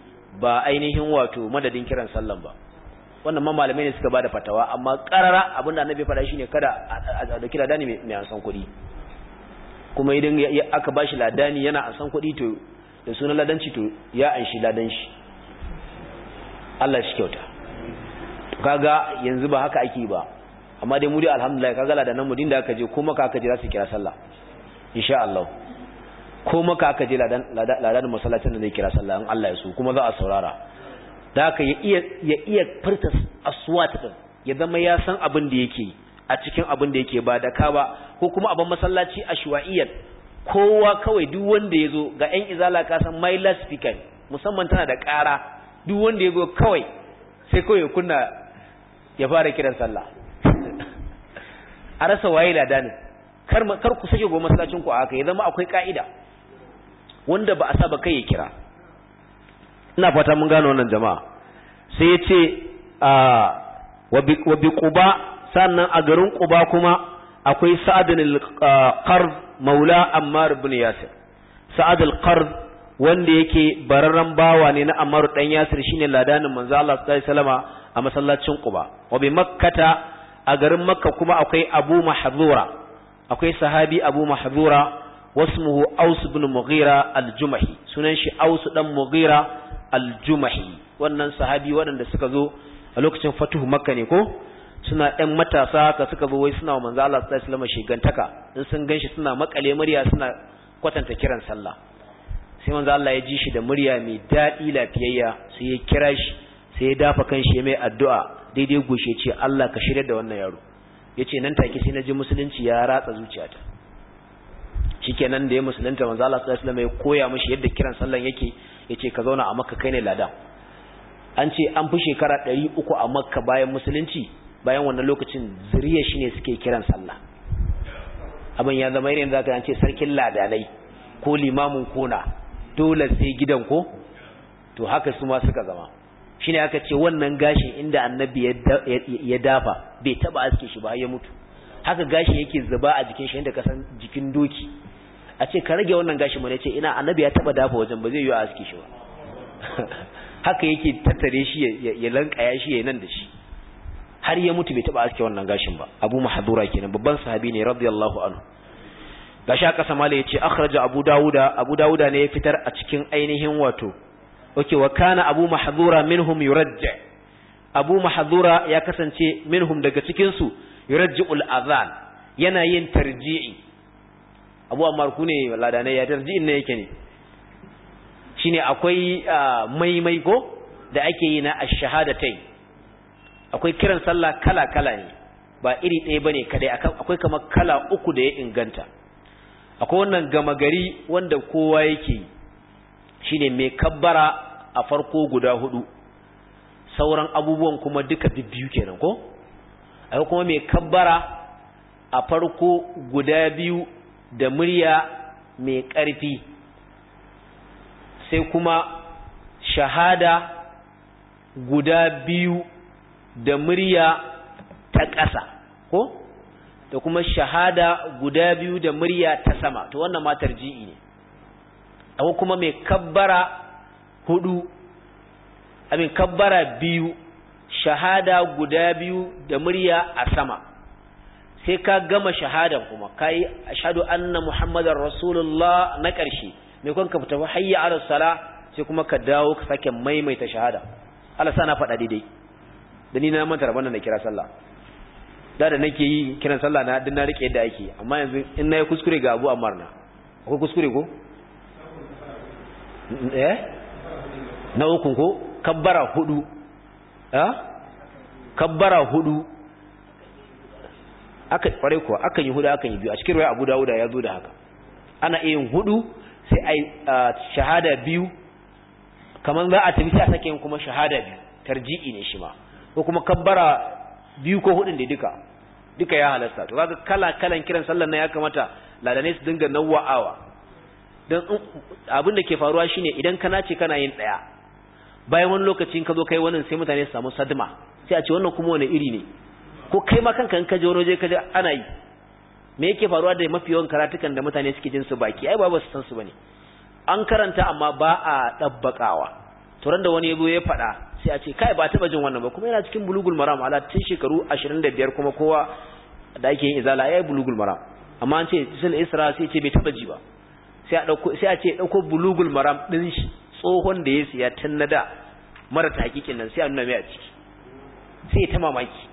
ba ainihin wato madadin kiran sallan ba wannan ma malamai ne suka bada fatawa amma karara abinda annabi faɗa shine kada a dauki ladani mai ansan kuɗi kuma idan aka bashi ladani yana ansan kuɗi to da sunan ladanci to ya anshi ladanci Allah shi kyauta kaga yanzu ba haka ake ba amma dai mu dai alhamdulillah kaga ladanan mu din da aka je kuma ka aka jira su kira sallah insha Allah ko maka aka je ladan masallacin da zai kira sallah in Allah ya so kuma za a saurara da haka ya iya ya iya furta aswat din ya zama ya san abin da yake a cikin abin da yake ba da ka ba ko kuma abin masallaci ashwaiyyat kowa kawai duk wanda ya zo ga yan izala ka san my last speaker musamman tana da ƙara duk wanda ya zo kawai sai kawai ya kunna ya fara kiran sallah <laughs> a rasa waye ladanin kar ku sake go masallacin ku haka ya zama akwai ka'ida wanda ba a saba kai ya kira ina fata mun gano wannan jama'a sai ya ce wa bi quba sannan a garin quba kuma akwai sa'adun al-qarb maula ammar ibn yasir sa'ad al-qarb wanda yake bararran bawa ne na ammar dan yasir shine ladanin manzo Allah sallallahu alaihi wasallama a masallacin quba wa bi makkata a garin makka kuma akwai abu mahzura akwai sahabi abu mahzura muhu Ausu bin mughira al-jumahi sunan shi Ausu dan mughira al wannan sahabi waɗanda suka zo a lokacin fatuhu makka ne ko suna ɗan matasa haka suka zo wai suna manzo Allah sallallahu alaihi wasallam shigantaka in sun ganshi suna makale murya suna kwatanta kiran sallah sai manzo Allah ya ji shi da murya mai daɗi lafiyayya sai ya kira shi sai ya dafa kanshi mai addu'a daidai goshe ce Allah ka shirya da wannan yaro yace nan take sai na ji musulunci ya ratsa zuciyata shikenan da ya musulunta manzo Allah sallallahu alaihi wasallam ya koya mishi yadda kiran sallan yake yace ka zauna a makka kai ne ladan an ce an fi shekara 300 a makka bayan musulunci bayan wannan lokacin zuriya shine suke kiran sallah abin ya zama irin zaka an ce sarkin ladanai ko limamin kona dole sai gidan ko to haka su ma suka zama shine aka ce wannan gashin inda annabi ya dafa bai taba aske shi ba har ya mutu haka gashi yake zuba a jikin shi inda kasan jikin doki a ce ka rage wannan gashi mana ce ina annabi ya taba dafa wajen ba zai yi a aski shi ba <laughs> haka yake tattare shi ya ya shi ya nan da shi har ya mutu bai taba aski wannan gashin ba abu mahdura kenan babban sahabi ne radiyallahu anhu gashi aka sama ya ce akhraja abu dauda abu dauda ne ya fitar a cikin ainihin wato okay wa kana abu mahdura minhum yurajja abu mahdura ya kasance minhum daga cikin su yurajjul adhan yana yin tarji'i abu ammar ku ne ladanai ya tarji yake ne shine akwai maimai ko da ake yi na ash tai? akwai kiran sallah kala kala ne ba iri ɗaya bane kadai akwai kamar kala uku da ya inganta akwai wannan gama gari wanda kowa yake shine mai kabbara a farko guda hudu sauran abubuwan kuma duka biyu kenan ko akwai kuma mai kabbara a farko guda biyu da murya mai ƙarfi sai kuma shahada guda biyu da murya ta ƙasa ko da kuma shahada guda biyu da murya ta sama to wannan ma tarji'i ne ko kuma mai kabbara hudu abin kabbara biyu shahada guda biyu da murya a sama sai ka gama shahadan kuma ka yi ashadu anna muhammadar rasulullah na ƙarshe mai kwan ka fita hayya ala sala sai kuma ka dawo ka sake maimaita shahada Allah sa na faɗa daidai da ni na manta rabon na kira sallah da da nake yi kiran sallah na dinna rike yadda ake amma yanzu in na yi kuskure ga abu amma na akwai kuskure ko eh na hukun ko kabbara hudu eh ah? kabbara hudu aka kware kuwa akan yi hudu akan yi biyu a cikin ruwa abu dawuda ya zo da haka ana iya yin hudu sai a yi shahada biyu kamar za a tafi sai a sake yin kuma shahada biyu tarji'i ne shi ma ko kuma kabbara biyu ko hudun da duka duka ya halasta to kaga kala kalan kiran sallar nan ya kamata ladane su dinga nawa'awa dan abin da ke faruwa shine idan kana ce kana yin daya bayan wani lokacin ka zo kai wannan sai mutane su samu sadma sai a ce wannan kuma wani iri ne ko kai ma kanka in ka je wani waje ka je ana yi me yake faruwa da mafi yawan karatukan da mutane suke jin su baki ai ba ba su san su bane an karanta amma ba a dabbakawa to da wani yazo ya faɗa sai a ce kai ba taba jin wannan ba kuma yana cikin bulugul maram ala tun shekaru 25 kuma kowa da ake yin izala yi bulugul maram amma an ce sun isra sai ce bai taba ji ba sai a dauko sai a ce dauko bulugul maram din shi tsohon da ya siya tun na da mara ta hakikin nan sai a nuna mai a ciki sai ta mamaki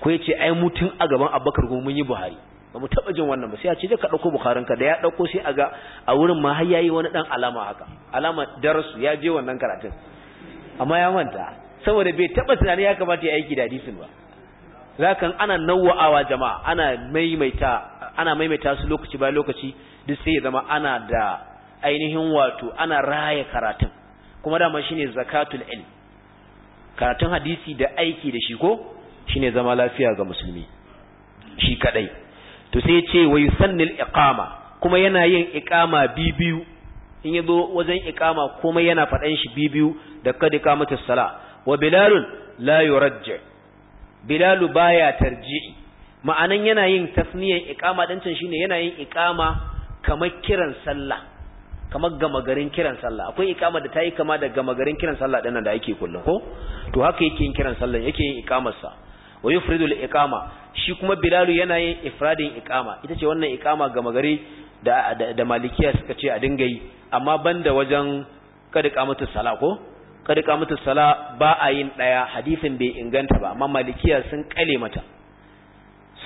ko yace ai mutun a gaban Abubakar kuma mun yi Buhari ba mu taba jin wannan ba sai a ce ka dauko Bukharin ka da ya dauko sai a ga a wurin ma har yayi wani dan alama haka alama darasu ya je wannan karatun amma ya manta saboda bai taba tunani ya kamata ya aiki da hadisin ba zakan ana nawwa'awa jama'a ana maimaita ana maimaita su lokaci bayan lokaci duk sai ya zama ana da ainihin wato ana raya karatun kuma dama shine zakatul ilm karatun hadisi da aiki da shi ko shine zama lafiya ga musulmi shi kadai to sai ce wa yusannil iqama kuma yana yin iqama bibiyu in yazo wajen iqama komai yana fadan shi bibiyu da kad iqamatu sala wa bilal la yurajji bilal baya tarji'i ma'anan yana yin tasniyan iqama din can shine yana yin iqama kamar kiran sallah kamar gama garin kiran sallah akwai iqama da tayi kama da gama garin kiran sallah dinnan da ake kullun ko to haka yake yin kiran sallah yake yin iqamar wa yufridu al-iqama shi kuma Bilal yana yin ifradin iqama ita ce wannan iqama ga magare da da malikiya suka ce a dinga yi amma banda wajen kada qamatu sala ko kada qamatu sala ba a yin daya hadisin bai inganta ba amma malikiya sun kale mata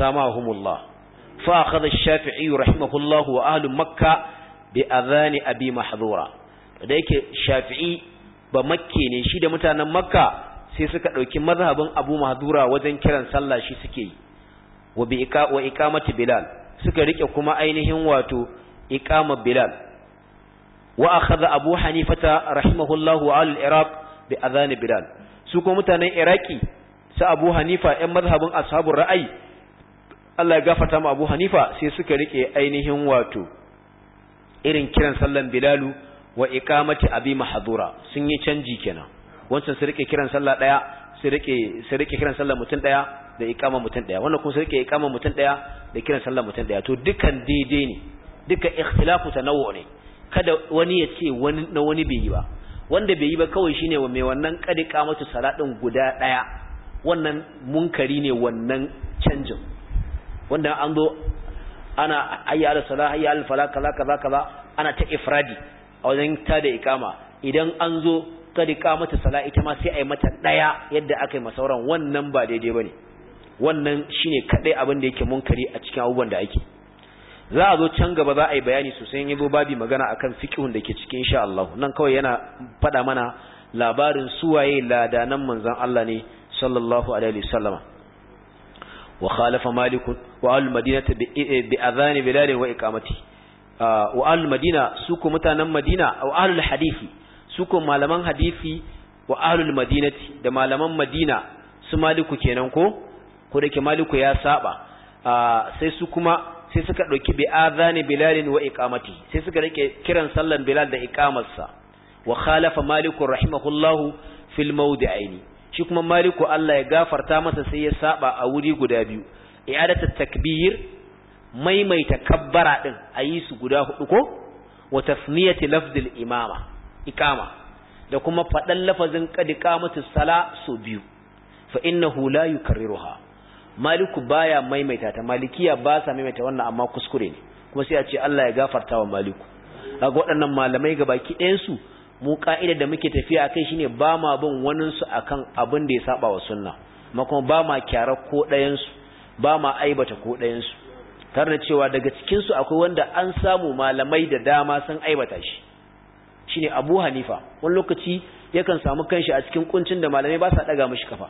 samahumullah fa akhadha ash-shafi'i rahimahullah wa ahli makkah bi adhani abi mahdura da yake shafi'i ba makke ne shi da mutanen makka sai suka ɗauki mazhabin abu mahdura wajen kiran sallah shi suke yi wa bi wa iqamati bilal suka rike kuma ainihin wato iqama bilal wa akhadha abu hanifata rahimahullahu al iraq bi adhan bilal su ko mutanen iraki su abu hanifa ɗan mazhabin ashabur ra'ayi Allah ya gafarta mu abu hanifa sai suka rike ainihin wato irin kiran sallan bilalu wa iqamati abi mahdura sun yi canji kenan wancan su rike kiran sallah daya su rike su rike kiran sallah mutum daya da iqama mutum daya wannan kuma su rike iqama mutum daya da kiran sallah mutum daya to dukan daidai ne duka ikhtilafu tanawwu ne kada wani ya ce wani na wani bai yi ba wanda bai yi ba kawai shine wa mai wannan kadi kamatu salatin guda daya wannan munkari ne wannan canjin wanda an zo ana hayya ala salah hayya ala falaka kaza kaza ana ta ifradi a wajen ta da iqama idan an zo tariqa mata sala ita ma sai a yi mata ɗaya yadda aka yi masauran wannan ba daidai ba ne wannan shine kaɗai abin da yake munkari a cikin abubuwan da ake za a zo can gaba za a yi bayani sosai in yazo babi magana a kan fikihun da ke cikin insha Allah nan kawai yana faɗa mana labarin suwaye ladanan manzan Allah ne sallallahu alaihi sallama wa khalafa maliku wa al madinata bi eh, adhan bilal wa iqamati ah, wa al madina su ku mutanen madina wa al hadisi su ko malaman hadisi wa ahlul madinati da malaman madina su maliku kenan ko ko da ke maliku ya saba sai su kuma sai suka ɗauki bi azani bilalin wa iqamati sai suka rike kiran sallan bilal da iqamarsa wa khalafa maliku rahimahullahu fil mawdi'aini shi kuma maliku Allah ya gafarta masa sai ya saba a wuri guda biyu i'adatu takbir maimaita kabbara din ayi su guda hudu ko wa tasniyati lafdil imama iqama da kuma faɗan lafazin qad iqamatu sala su biyu fa innahu la yukarriruha maliku baya maimaita ta malikiya ba sa maimaita wannan amma kuskure ne kuma sai a ce Allah ya gafarta wa maliku kaga waɗannan malamai ga baki ɗayansu mu ka'ida da muke tafiya akai shine ba ma bin wanin su akan abin da ya saba wa sunna amma kuma ba ma kyara ko ɗayansu su ba ma aibata ko ɗayansu su tare da cewa daga cikinsu akwai wanda an samu malamai da dama sun aibata shi shine Abu Hanifa wani lokaci yakan samu kanshi a cikin kuncin da malamai ba sa daga mishi kafa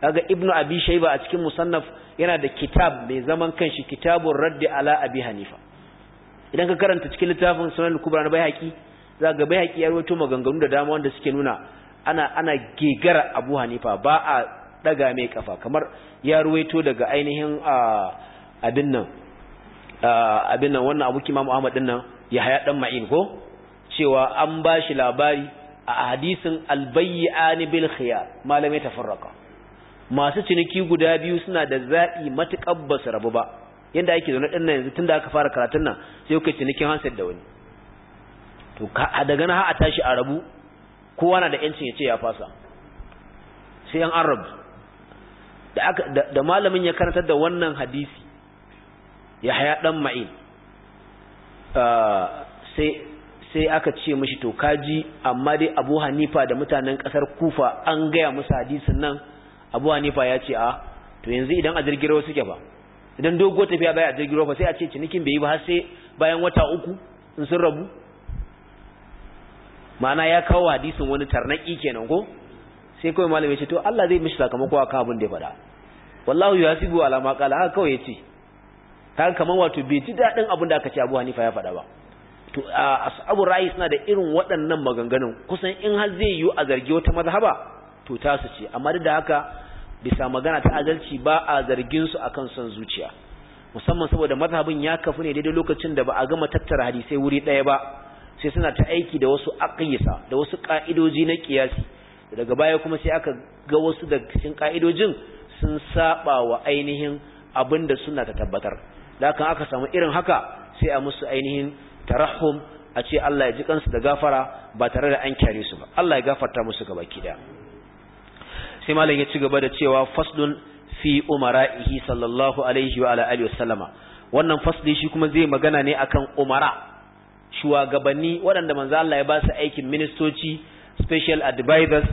kaga Ibn Abi Shayba a cikin musannaf yana da kitab mai zaman kanshi Kitabur Radd ala Abi Hanifa idan ka karanta cikin littafin Sunan Kubra na Baihaqi za ga Baihaqi ya rawaito maganganu da dama wanda suke nuna ana ana gegara Abu Hanifa ba a daga mai kafa kamar ya rawaito daga ainihin abin nan abin nan wannan abu Imam Ahmad din nan Yahya dan Ma'in ko cewa an ba shi labari a hadisin albayyani bil khiyar malamai tafarraka masu ciniki guda biyu suna da zaɓi matuƙar ba su rabu ba yadda ake zaune ɗin nan yanzu tun da aka fara karatun nan sai kuka cinikin hansar da wani to daga na a tashi a rabu kowa na da yancin ya ce ya fasa sai an arab rabu da malamin ya karantar da wannan hadisi ya haya ɗan Ma'in ah, sai sai aka ce mashi to kaji amma dai abu hanifa da mutanen kasar kufa an gaya musu hadisin nan abu hanifa ya ce a to yanzu idan a jirgiro suke ba idan dogo tafiya baya a jirgiro ba sai a ce cinikin bai yi ba har sai bayan wata uku in sun rabu ma'ana ya kawo hadisin wani tarnaki kenan ko sai kawai malam ya ce to Allah zai mishi sakamako akan abin da ya faɗa wallahu yasibu ala ma qala haka kawai yace kaga kaman wato bai ji dadin abin da aka ce Abu Hanifa ya faɗa ba to ashabu ra'ayi suna da irin waɗannan maganganun kusan in har zai yiwu a zargi wata mazhaba to ta su ce amma da haka bisa magana ta adalci ba a zargin su akan son zuciya musamman saboda mazhabin ya kafu ne daidai lokacin da ba a gama tattara hadisai wuri ɗaya ba sai suna ta aiki da wasu aqyasa da wasu ka'idoji na kiyasi daga baya kuma sai aka ga wasu da cikin ka'idojin sun saba wa ainihin abinda suna ta tabbatar da aka samu irin haka sai a musu ainihin tarahum a ce Allah ya ji kansu da gafara ba tare da an kyare su ba Allah ya gafarta musu gaba kida sai malam ya ci gaba da cewa fasdun fi umara'ihi sallallahu alaihi wa alihi wasallama wannan fasli shi kuma zai magana ne akan umara shugabanni waɗanda manzo Allah ya ba su aikin ministoci special advisors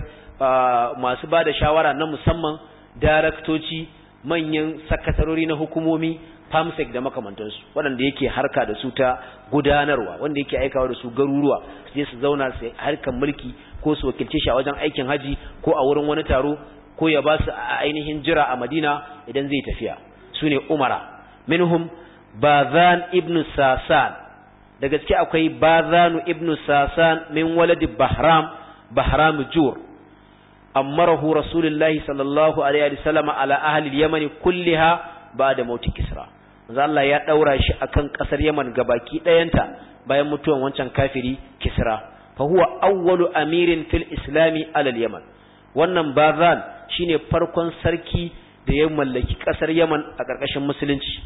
masu ba da shawara na musamman daraktoci manyan sakatarori na hukumomi famsec da makamantansu waɗanda yake harka da su ta gudanarwa wanda yake aikawa da su garuruwa su je su zauna su harkar mulki ko su wakilce shi a wajen aikin haji ko a wurin wani taro ko ya ba su a ainihin jira a madina idan zai tafiya su ne umara minhum bazan ibn sasan da gaske akwai bazanu ibn sasan min waladi bahram bahram jur amarahu rasulullahi sallallahu alaihi sallam ala ahli yamani kulliha ba da mauti kisra manzo Allah ya ɗaura shi akan ƙasar Yaman gabaki ɗayanta bayan mutuwan wancan kafiri Kisra fa huwa awwalu amirin fil islami alal Yaman wannan Bazan shine farkon sarki da ya mallaki ƙasar Yaman a ƙarƙashin musulunci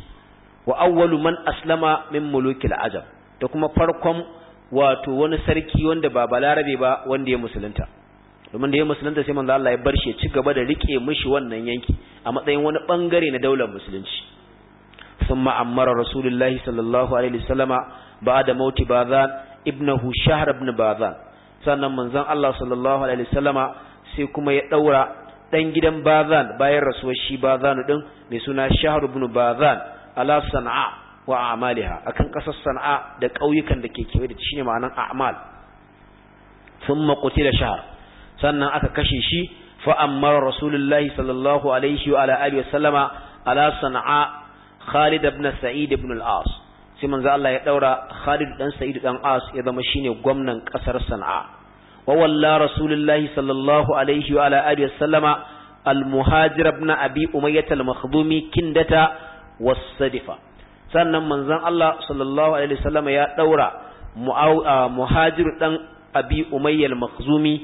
wa awwalu man aslama min mulukil ajam da kuma farkon wato wani sarki wanda ba balarabe ba wanda ya musulunta domin da ya musulunta sai manzo Allah ya bar shi ya ci gaba da rike mishi wannan yanki a matsayin wani ɓangare na daular musulunci ثم أمر رسول الله صلى الله عليه وسلم بعد موت باذان ابنه شهر بن باذان sannan manzon Allah sallallahu alaihi wasallama sai kuma ya daura dan gidan Bazan bayan rasuwar shi Bazan din mai suna Shahr ibn Bazan ala San'a wa amaliha akan kasar San'a da ƙauyukan da ke kewaye da shine ma'anan a'mal thumma qutila Shahr sannan aka kashe shi fa ammara rasulullahi sallallahu alaihi wa ala alihi wasallama ala San'a Khalid ibn Sa'id ibn al-As sai manzo Allah ya daura Khalid dan Sa'id dan As ya zama shine gwamnan kasar Sana'a wa walla rasulullahi sallallahu alaihi wa ala alihi sallama al-muhajir ibn abi umayyah al-makhdumi kindata was-sadifa sannan manzon Allah sallallahu alaihi wasallama ya daura ah, muhajir dan abi umayyah al-makhzumi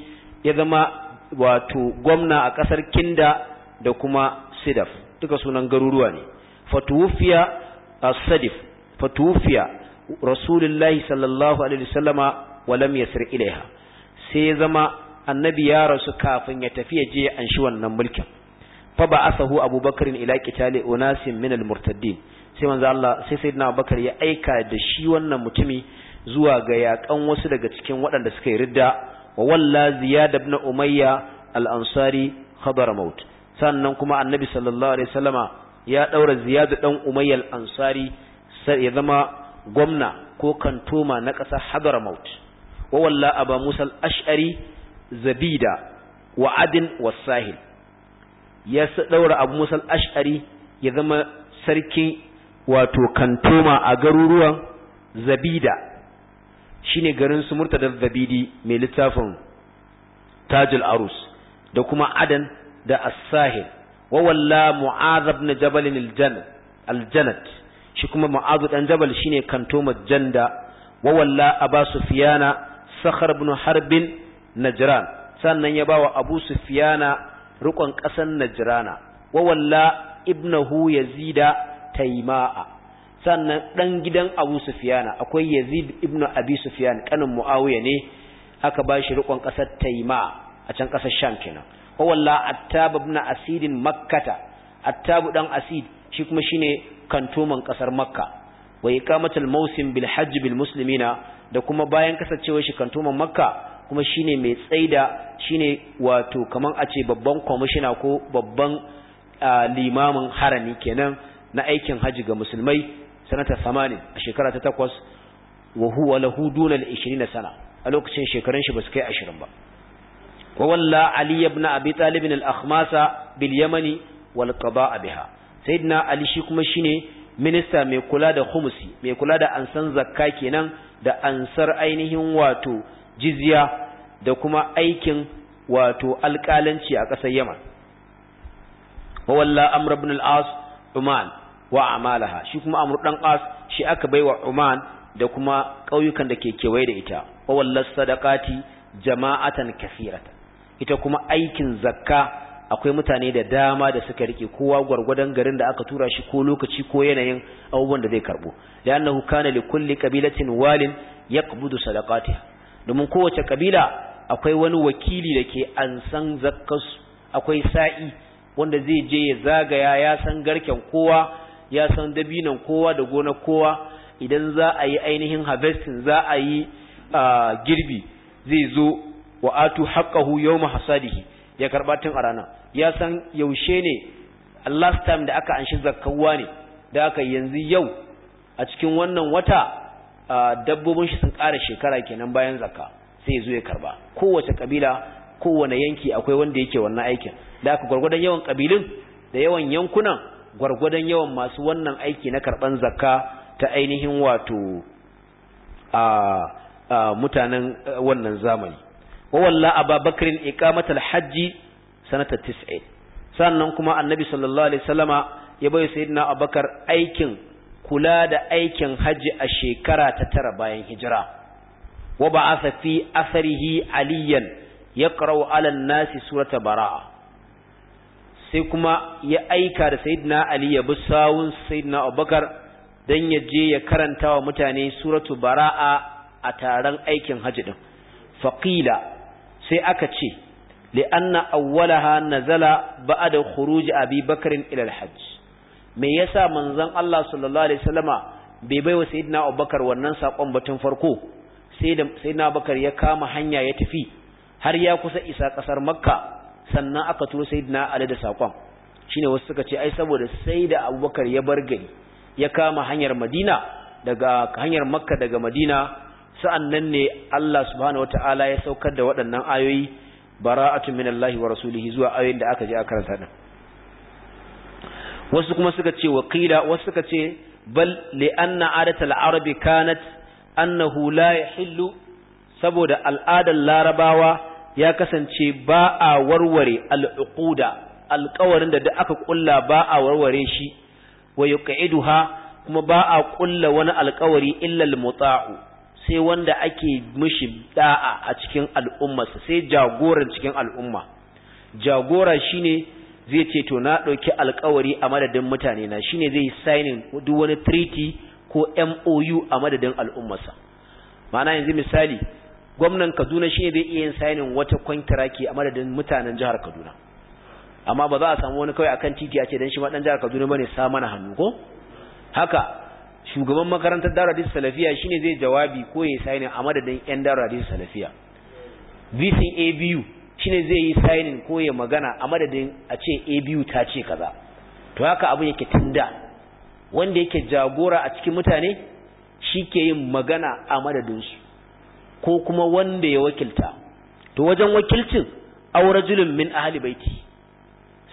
ya zama wato gwamna a kasar kinda da kuma sidaf duka sunan garuruwa ne fatuwufiya as-sadif fatuwufiya rasulullahi sallallahu alaihi wasallama wa lam yasir ilaiha sai ya zama annabi ya rasu kafin ya tafi ya je an shi wannan mulkin fa asahu abubakar ila qitali unasin min al-murtaddin sai manzo Allah sai sayyidina abubakar ya aika da shi wannan mutumi zuwa ga yakan wasu daga cikin waɗanda suka yi ridda wa walla ziyad ibn umayya al-ansari khadara maut sannan kuma annabi sallallahu alaihi wasallama ya ɗaura ziyadu ɗan umayyar ansari ya zama gwamna ko kantoma na ƙasar hadramaut wa walla aba musa al-ash'ari zabida wa adin was-sahil ya daura abu musa al-ash'ari ya zama sarkin wato kantoma a garuruwan zabida shine garin su murtada zabidi mai littafin tajil arus da kuma adan da asahil. wa walla mu'az ibn aljanat shi kuma mu'azu dan jabal shine kanto majanda wa walla aba sufyana sakhar ibn harb najran sannan ya bawa abu sufyana rukon kasan najrana wa walla ibnahu yazida taima'a sannan dan gidan abu sufyana akwai yazid ibnu abi sufyan kanin muawiya ne aka bashi rukon kasar taima'a a can kasar sham kenan fa walla attab ibn asid makkata attab dan asid shi kuma shine kantoman kasar makka wa iqamatul mawsim bil hajj bil muslimina da kuma bayan kasancewar shi kantoman makka kuma shine mai tsaida shine wato kaman a ce babban kwamishina ko babban limamin harami kenan na aikin haji ga musulmai sanata samani a shekara ta takwas wa huwa lahu dunal 20 sana a lokacin shekarun shi ba su kai 20 ba وولى علي بن أبي طالب الأخماس باليمن والقضاء بها سيدنا علي شي kuma shine minista mai kula da khumusi mai kula da ansan zakka kenan da ansar ainihin wato jizya da kuma aikin wato alƙalanci a ƙasar Yaman walla amr ibn al-as uman wa amalaha shi kuma amr as shi aka baiwa uman da kuma ƙauyukan da ke kewaye da ita walla sadaqati jama'atan kasiratan ita kuma aikin zakka akwai mutane da dama da suka rike kowa gwargwadon garin da aka tura shi ko lokaci ko yanayin abubuwan da zai karbo da annahu kana li kulli qabilatin walin yaqbudu sadaqatiha domin kowace kabila akwai wani wakili da ke ansan zakkas akwai sa'i wanda zai je ya zagaya ya san garken kowa ya san dabinan kowa da gona kowa idan za a yi ainihin harvesting za a yi ah, girbi zai zo wa atu haqqahu yawma hasadihi ya karba tun a rana ya san yaushe ne last time da aka anshi zakkawa ne da aka yanzu yau a cikin wannan wata dabbobin shi sun ƙara shekara kenan bayan zakka sai zo ya karba kowace kabila kowane yanki akwai wanda yake wannan aikin da aka gwargwadon yawan kabilin da yawan yankunan gwargwadon yawan masu wannan aiki na karban zakka ta ainihin wato a mutanen wannan zamani walla Aba Bakrin iqamatal hajji sanata 90 sannan kuma Annabi sallallahu alaihi wasallama ya bai sayyidina Abubakar aikin kula da aikin haji a shekara ta tara bayan hijira wa ba'atha fi atharihi aliyan yaqra'u 'ala nasi surata bara'a sai kuma ya aika da sayyidina Ali ya bi sawun sayyidina Abubakar dan ya je ya karanta wa mutane suratu bara'a a taron aikin haji din faqila sai aka ce li'anna awwalaha nazala ba'da khuruj abi bakr ila hajj me yasa manzon Allah sallallahu alaihi wasallama bai baiwa sayyidina Abubakar wannan sakon ba tun farko sai da sayyidina Abubakar ya kama hanya ya tafi har ya kusa isa kasar Makka sannan aka turo sayyidina Ali da sakon shine wasu suka ce ai saboda sai da Abubakar ya bar gari ya kama hanyar Madina daga hanyar Makka daga Madina sa'an nan ne Allah subhanahu wata'ala ya saukar da waɗannan ayoyi bara'atun minallahi wa rasulihi zuwa ayoyin da aka je a karanta nan. wasu kuma suka ce waƙila wasu suka ce bal li anna adatal al'arabi kanat annahu la yahillu saboda al'adar larabawa ya kasance ba a warware al'uquda alƙawarin da duk aka kulla ba a warware shi wa yuqiduha kuma ba a ƙulla wani alƙawari illa al-muta'u sai wanda ake mishi da'a a cikin al'ummarsa sai jagoran cikin al'umma jagora shine zai ce to na ɗauki alkawari a madadin mutane na shine zai signing duk wani treaty ko MOU a madadin al'ummarsa ma'ana yanzu misali gwamnan Kaduna shine zai iya yin signing wata contract a madadin mutanen jihar Kaduna amma ba za a samu wani kawai akan titi a ce dan shi ma dan jihar Kaduna bane sa mana hannu ko haka shugaban makarantar daru hadisi salafiya shine zai jawabi ko ya sainin a madadin yan daru hadisi salafiya vcin abu shine zai yi sainin ko ya magana a madadin a ce abu ta ce kaza to haka abu yake tunda wanda yake jagora a cikin mutane shi ke yin magana a madadinsu ko kuma wanda ya wakilta to wajen wakilcin aure julin min ahli baiti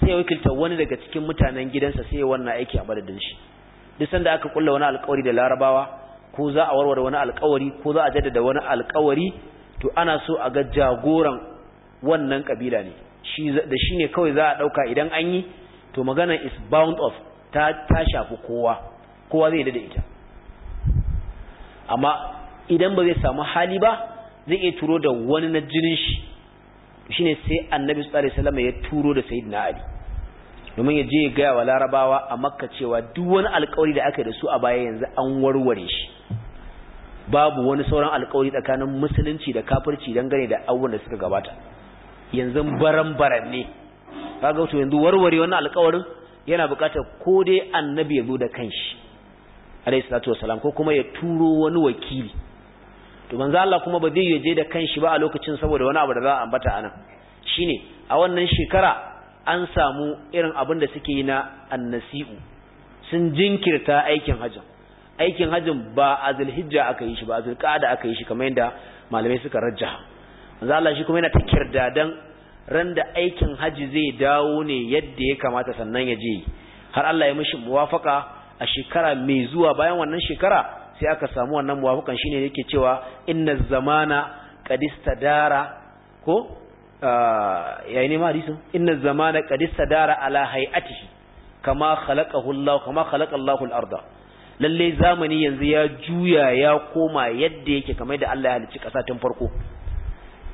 sai wakilta wani daga cikin mutanen gidansa sai wannan aiki a madadin shi duk sanda aka kulla wani alƙawari da larabawa ko za a warware wani alƙawari ko za a jaddada wani alƙawari to ana so a ga jagoran wannan kabila ne shi da shine kawai za a ɗauka. idan an yi to magana is bound off ta ta shafi kowa kowa zai da ita amma idan ba zai samu hali ba zai iya turo da wani na jinin shi shine sai annabi sallallahu alaihi ya turo da na ali domin ya je ya gaya wa larabawa a makka cewa duk wani alkawari da aka da su a baya yanzu an warware shi babu wani sauran alkawari tsakanin musulunci da kafirci dangane da abubuwan da suka gabata yanzu baran baran ne kaga to yanzu warware wani alkawarin yana bukatar ko dai annabi ya zo da kanshi alayhi salatu wasalam ko kuma ya turo wani wakili to manzo Allah kuma ba zai je da kanshi ba a lokacin saboda wani abu da za a ambata anan shine a wannan shekara an samu irin abin da suke yi na annasi'u sun jinkirta aikin hajjin aikin hajjin ba a zulhijja aka yi shi ba a zulqa'ada aka yi shi kamar yadda malamai suka rajja manzo Allah shi kuma yana ta dan ran da aikin haji zai dawo ne yadda ya kamata sannan ya je har Allah ya mishi muwafaka a shekara mai zuwa bayan wannan shekara sai aka samu wannan muwafakan shine yake cewa inna zamana qad dara ko yayi ne ma hadisin inna zamana qad sadara ala hay'atihi kama khalaqahu Allah kama khalaqa Allahu al-arda lalle zamani yanzu ya juya ya koma yadda yake kamar da Allah ya halicci kasa tun farko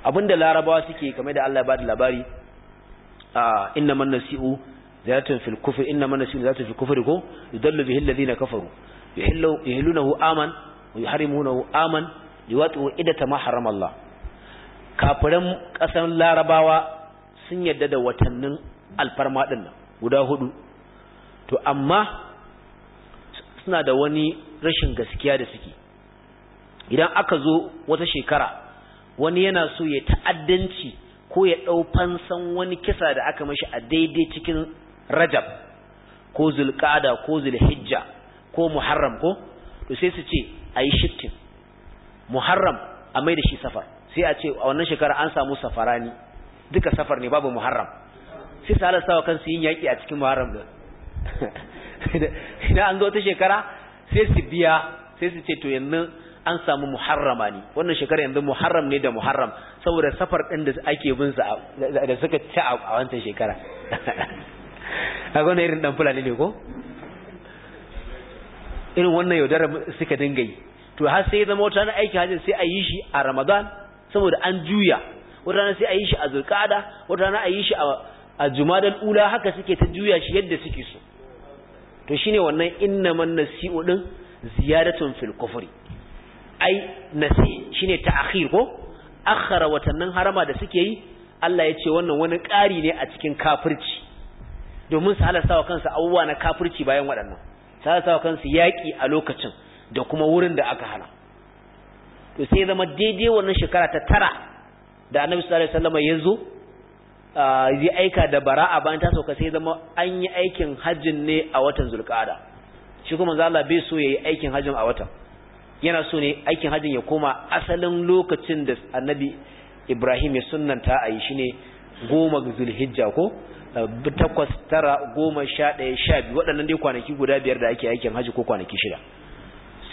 abinda larabawa suke kamar da Allah ya bada labari inna man nasi'u zatun fil kufr inna man nasi'u zatun fil kufri ko yudallu bihi alladhina kafaru yuhillu yuhillunahu aman wa yuharrimunahu aman liwatu idata ma harama Allah kafiran ƙasar larabawa sun yadda da watannin alfarma ɗin nan guda hudu to amma suna da wani rashin gaskiya da suke idan aka zo wata shekara wani yana so ya ta'addanci ko ya ɗau fansan wani kisa da aka mashi a daidai cikin rajab ko zulƙada ko zulhijja ko muharram ko to sai su ce a yi muharram a mai da shi safar sai a ce a wannan shekara an samu safara ne duka safar ne babu muharram sai su halasta wa kansu yin yaƙi a cikin muharram da <laughs> idan an zo ta shekara sai su biya sai su ce to yanzu an samu muharrama ne wannan shekara yanzu muharram ne da muharram saboda safar ɗin da ake bin sa da suka ci a wancan shekara <laughs> a gwana irin ɗan fulani ne ko irin wannan yaudara suka dinga yi to har sai zama wata ranar aiki hajji sai a yi shi a ramadan saboda an juya wata ranar sai a yi shi a zulkada wata ranar a yi shi a jumadar ula haka suke ta juya shi yadda suke so to shine wannan man nasi'u din ziyaratun fil kufri ai nasi shine ta'khir ko akhara watannin harama da suke yi Allah ya ce wannan wani ƙari ne a cikin kafirci domin su halasta wa kansu abubuwa na kafirci bayan waɗannan su halasta wa kansu yaƙi a lokacin da kuma wurin da aka hana to sai zama daidai wannan shekara ta tara da annabi sallallahu alaihi wasallam ya zo zai aika da bara'a bayan ta sauka sai zama an yi aikin hajjin ne a watan zulqa'ada shi kuma manzo Allah bai so yayi aikin hajjin a watan yana so ne aikin hajjin ya koma asalin lokacin da annabi Ibrahim ya sunnanta a yi shine goma zulhijja ko takwas tara goma sha ɗaya sha biyu waɗannan dai kwanaki guda biyar da ake aikin hajji ko kwanaki shida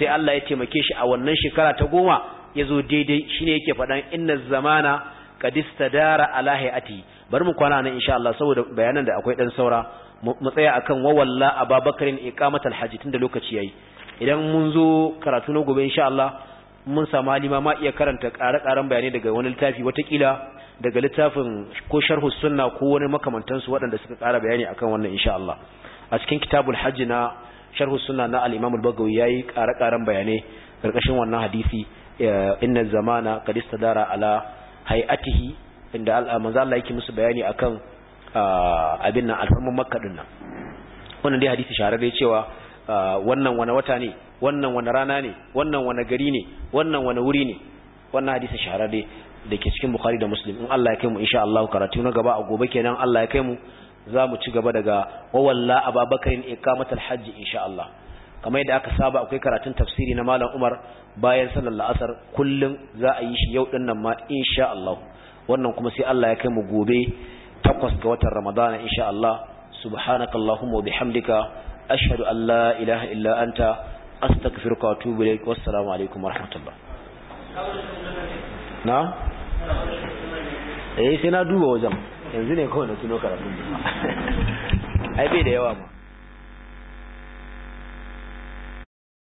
sai Allah ya taimake shi a wannan shekara ta goma ya zo daidai shi ne yake faɗan inna zamana kadista dara ala ati bari mu kwana nan insha Allah saboda bayanan da akwai dan saura mu tsaya akan wa walla ababakarin iqamatal hajji tunda lokaci yayi idan mun zo karatu na gobe insha Allah mun samu alima ma iya karanta ƙara ƙaren bayanai daga wani littafi watakila daga littafin ko sharhu sunna ko wani makamantansu waɗanda suka ƙara bayani akan wannan insha Allah a cikin kitabul hajji na sharhu sunna na al-imam al-bagawi yayi ƙara-ƙaran bayanai karkashin wannan hadisi inna zamana qad istadara ala hay'atihi inda al-manzo Allah yake musu bayani akan abin nan alfarman makka din nan wannan dai hadisi shahararre cewa wannan wani wata ne wannan wani rana ne wannan wani gari ne wannan wani wuri ne wannan hadisi shahararre da ke cikin bukhari da muslim in Allah ya kai mu insha Allah karatu na gaba a gobe kenan Allah ya kai mu za mu ci gaba daga wawalla babakarin ikamatar hajji insha Allah kamar yadda aka saba akwai karatun tafsiri na malam Umar bayan sallar la'asar kullum za a yi shi yau din nan ma insha Allah wannan kuma sai Allah ya kai mu gobe takwas ga watan Ramadana insha Allah subhanakallahumma wa bihamdika ashhadu an la ilaha illa anta astaghfiruka wa atubu ilaik wassalamu alaikum warahmatullah na eh sai na duba wajen yanzu ne kawai na tuno karatun ai bai da yawa ma